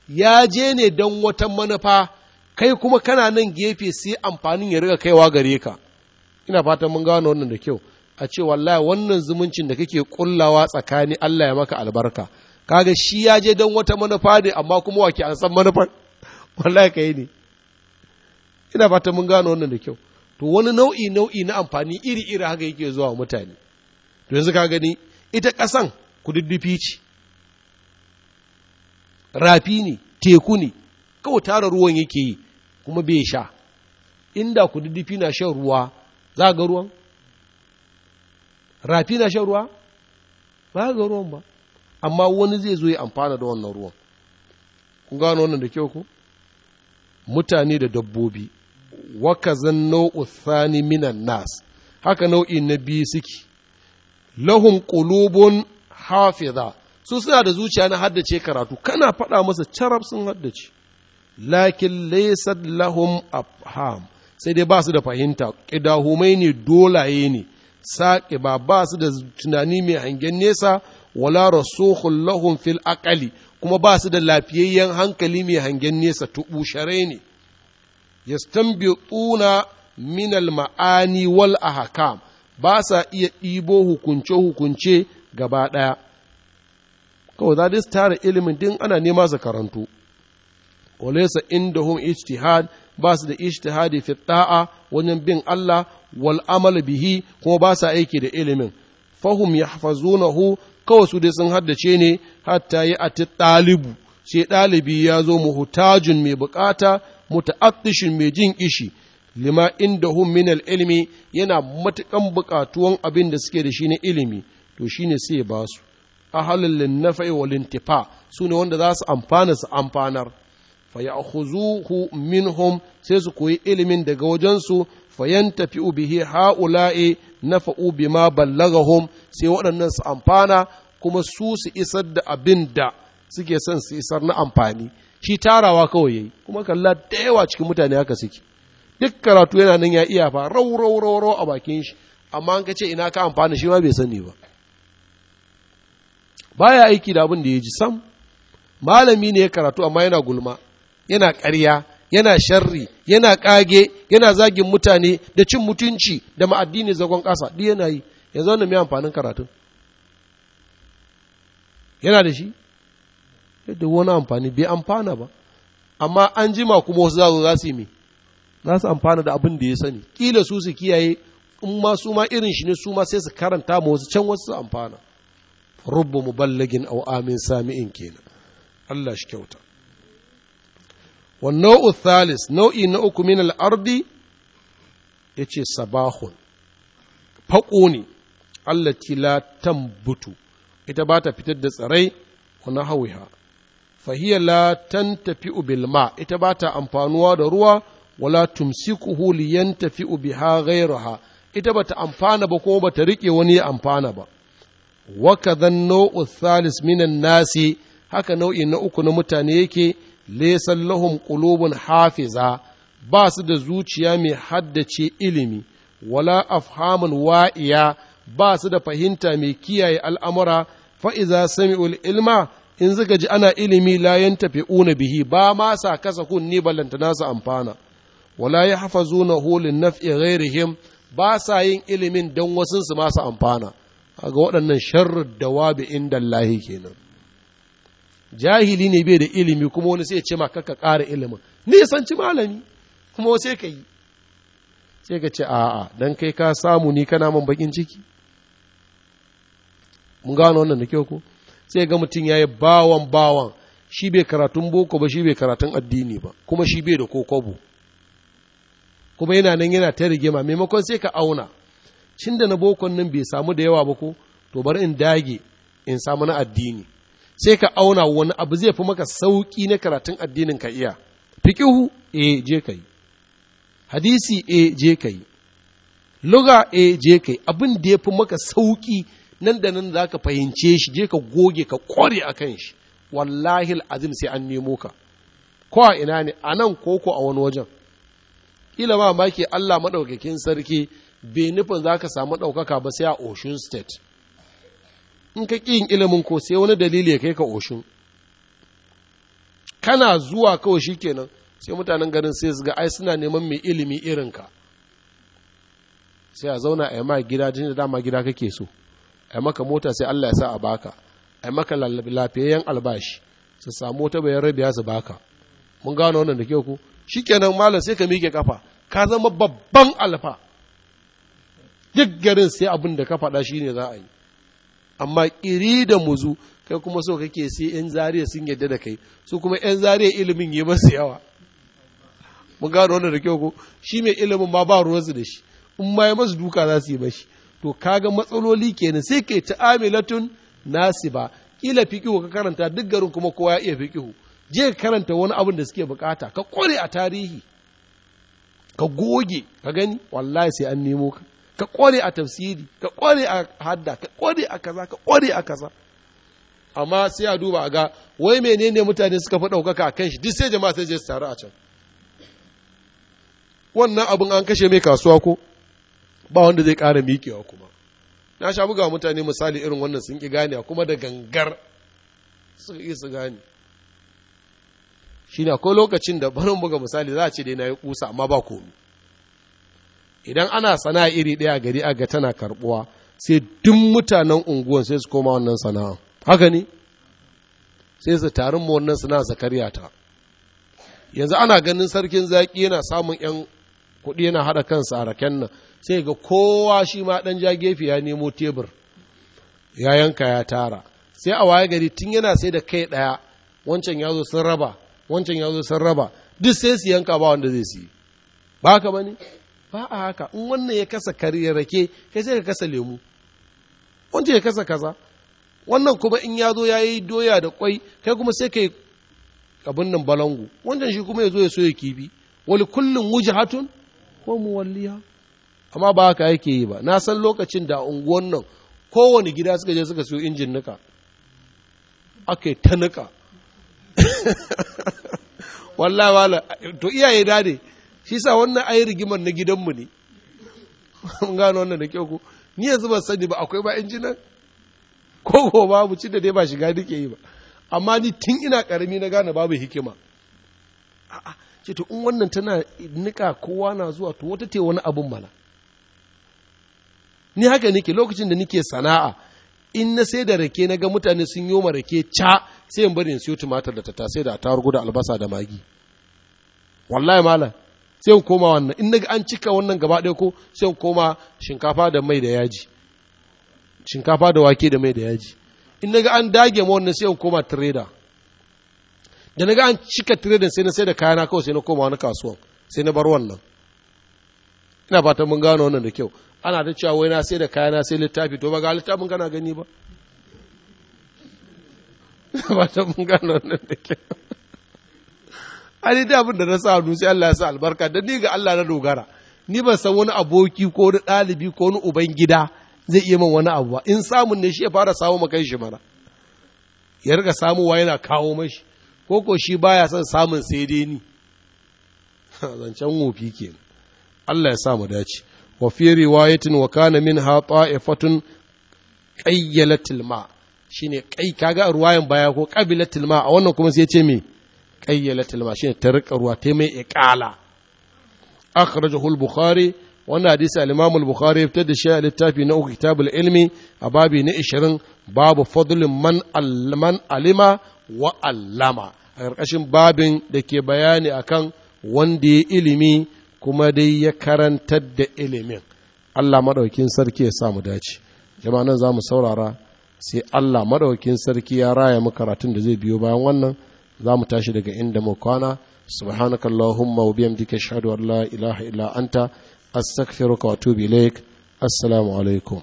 ya je ne don wata manufa kai kuma kana nan gefe sai amfanin ya riga kaiwa gare ka ina fatan mun gano wannan da kyau a ce wallahi wannan zumuncin da kake kullawa tsakani Allah ya maka albarka kaga shi ya je don wata manufa ne amma kuma wake an san manufar wallahi kai ne ina fata mun gano wannan da kyau to wani nau'i nau'i na amfani iri iri haka yake zuwa wa mutane to yanzu ka gani ita ku kududdufi ce rafi ne teku ne kawai tara ruwan yake yi kuma bai sha inda kududdufi na shan ruwa za ga ruwan rafi na shan ruwa ba ga ruwan ba amma wani zai zo ya amfana da wannan ruwan kun gano wannan da kyau ku mutane da dabbobi zan nau'u thani minan nas haka nau'i na biyu suke lahun qulubun hafiza su suna da zuciya na haddace karatu kana faɗa masa carab sun haddace lakin laysat lahum afham sai dai ba su da fahimta ƙidahumai ne dolaye ne saƙi ba ba su da tunani mai hangen nesa wala rasuhun lahum fil aqali kuma ba su da lafiyayyen hankali mai hangen nesa share ne yastanbiquna min al ma'ani wal ahkam ba sa iya ɗibo hukunce hukunce gaba ɗaya kawai za dai tara ilimin din ana nema su karantu walaysa indahum ijtihad ba su da ijtihadi fi ta'a wajen bin Allah wal amal bihi kuma ba sa aiki da ilimin fahum yahfazunahu kawai su dai sun haddace ne hatta yi ati ɗalibu sai ɗalibi ya zo muhtajun mai bukata muta'attishin mai jin ishi lima inda hum min ilmi yana matukan bukatuwan abin da suke da shi na ilimi to shine sai ba su ahalul linnafi wal intifa sune wanda za su amfana su amfanar fa ya'khuzuhu minhum sai su koyi ilimin daga wajensu fayantafi'u bihi ha'ula'i nafa'u bima ballagahum sai waɗannan su amfana kuma su su isar da abin da suke son su isar na amfani shi tarawa kawai yayi kuma kalla da yawa cikin mutane haka suke duk karatu yana nan ya iya fa rau rau rau rau a bakin shi amma an ka ina ka amfana shi ma bai sani ba baya aiki da abin da ya ji sam malami ne ya karatu amma yana gulma yana ƙarya yana sharri yana ƙage yana zagin mutane da cin mutunci da ma'addini zagon ƙasa duk yana yi yanzu wannan mai amfanin karatun yana da shi yadda wani amfani bai amfana ba amma an jima kuma wasu zazo za su yi me za su amfana da abin da ya sani kila su su kiyaye in ma su ma irin shi ne su ma sai su karanta ma wasu can wasu amfana rubbu muballagin au amin sami'in kenan Allah shi kyauta Wan nau'u thalis nau'i na uku min al'ardi ya ce sabahun faƙo ne allati la tambutu ita ba ta fitar da tsirai wa na hawiha fahiya la tantafi bil ma ita ba ta amfanuwa da ruwa wala tumsikuhu liyantafi biha ghayraha ita bata amfana ba ko bata rike wani ya amfana ba Waka kadhan nau'u thalis minan nasi haka nau'i na uku na mutane yake laysan lahum qulubun hafiza ba su da zuciya mai haddace ilimi wala afhamun wa'iya ba su da fahimta mai kiyaye al'amura fa'iza sami'ul ilma in suka ji ana ilimi layan tafi una bihi ba ma sa kasa kunni ballanta nasu amfana wala ya hafa zuna holin naf'i ghairihim ba sa yin ilimin don su masu amfana ga waɗannan sharrar dawabi inda lahi kenan jahili ne bai da ilimi kuma wani sai ya ce ma kakka ƙara ilimin nisanci malami kuma sai ka yi sai ka ce a'a don kai ka samu ni kana man bakin ciki mun gano wannan da kyau ko sai ga mutum yi bawan bawan shi bai karatun boko ba shi bai karatun addini ba kuma shi bai da kokobo kuma yana nan yana ta rigima maimakon sai ka auna cin da na bokon nan bai samu da yawa ba ko to bari in dage in samu na addini sai ka auna wani abu zai fi maka sauƙi na karatun addinin ka iya fiƙihu e je ka yi hadisi e je ka yi luga e je ka yi abin da ya fi maka sauƙi nan da nan za ka fahimce shi je ka goge ka kware a kan shi wallahi azim sai an nemo ka ko a ina ne a nan ko ko a wani wajen kila ma maki Allah maɗaukakin sarki bai nufin za ka samu ɗaukaka ba sai a ocean State in ka ƙi yin ilimin ko sai wani dalili ya kai ka oshin kana zuwa kawai shi kenan sai mutanen garin sai su ga ai suna neman mai ilimi irinka sai a zauna a yi ma gida jin da dama gida kake so a yi maka mota sai Allah ya sa a baka a yi maka lafiyayyen albashi su samu wata bayan ya su baka mun gano wannan da kyau ku shikenan malam sai ka miƙe kafa ka zama babban alfa duk garin sai abin da ka faɗa ne za a yi amma ƙiri da muzu kai kuma so kake sai yan zariya sun yadda da kai su kuma yan zariya ilimin yi masu yawa mun gano wannan da kyau ko shi mai ilimin ma ba su da shi in ma yi masu duka za su yi mashi to kaga matsaloli kenan sai kai nasi ba kila fiqihu ka karanta duk garin kuma kowa ya iya fiqihu je ka karanta wani abin da suke bukata ka kore a tarihi ka goge ka gani wallahi sai an nemo ka ka kware a tafsiri ka kware a hadda ka kware a kaza ka kware a kaza amma sai a duba ga wai menene mutane suka fi ɗaukaka a kan shi duk sai jama'a sai je su taru a can wannan abin an kashe mai kasuwa ko ba wanda zai kara mikewa kuma na sha buga mutane misali irin wannan sun ki gane kuma da gangar suka yi su gane shi ne akwai lokacin da barin buga misali za a ce dai na yi ƙusa amma ba komi idan ana sana'a iri ɗaya gari aga tana karbuwa sai duk mutanen unguwan sai su koma wannan sana'a haka ne sai su tarin mu wannan sana'a su karya ta yanzu ana ganin sarkin zaki yana samun yan kuɗi yana haɗa kansa a raken nan sai ga kowa shi ma ɗan ja ya nemo tebur ya yanka ya tara sai a waye gari tun yana sai da kai ɗaya wancan ya zo sun raba wancan ya zo sun raba duk sai su yanka ba wanda zai su yi ba haka ba ba a haka in wannan ya kasa karya rake kai sai ka kasa lemu wanda ya kasa kaza wannan kuma in ya zo ya yi doya da kwai kai kuma sai ka yi abin nan balangu wancan shi kuma ya zo ya soya kibi wali kullum hatun ko muwalliya amma ba haka yake yi ba na san lokacin da unguwan nan kowane gida suka je suka siyo injin nika aka yi ta nika wallahi wala to iyaye dade shi sa wannan ayi rigimar na gidanmu ne mun gano wannan da kyau ko ni yanzu ba sani ba akwai ba injinan ko ko babu cin da dai ba shiga duke yi ba amma ni tun ina karami na gane babu hikima a'a ce to in wannan tana nika kowa na zuwa to wata te wani abun mana ni haka nake lokacin da nake sana'a in na sai da rake na ga mutane sun yi wa rake ca sai in bari in siyo tumatir da ta tasai da atarugu da albasa da magi wallahi malam sai ku koma wannan in naga an cika wannan gaba ɗaya ko sai ku koma shinkafa da mai da yaji shinkafa da wake da mai da yaji in naga an dage ma wannan sai ku koma trader da naga an cika trader sai na sai da kayana kawai sai na koma wani kasuwan sai na bar wannan ina fatan mun gano wannan da kyau ana ta cewa wai na sai da kayana sai littafi to ba ga littafin kana gani ba ina fatan mun gano wannan da kyau ai da abin da na sa hannu sai Allah ya sa albarka da ni ga Allah na dogara ni ban san wani aboki ko wani ɗalibi ko wani ubangida zai iya man wani abu ba in samun ne shi ya fara samu maka shi mana ya riga wa yana kawo mashi ko ko shi baya son samun sai dai ni zancen wofi ke, Allah ya sa mu dace wa fi riwayatin wa kana ha ta'ifatun qayyalatil ma shine kai kaga ruwayan baya ko qabilatil ma a wannan kuma sai ya ce me qayyala tilma ta rika ruwa ta mai iqala akhrajahu al-bukhari wannan hadisi al-imam al-bukhari fitar da shi a littafi na uku kitabul ilmi a babi na ishirin, babu fadlin man alima wa allama a ƙarƙashin babin da ke bayani akan wanda ya ilimi kuma dai ya karantar da ilimin Allah maɗaukin sarki ya samu dace jama'an nan za mu saurara sai Allah maɗaukin sarki ya raya mu karatun da zai biyo bayan wannan za mu tashi daga inda mu kwana subhanaka allahumma wa bihamdika ashhadu an la ilaha illa anta astaghfiruka wa atubu ilaik assalamu alaikum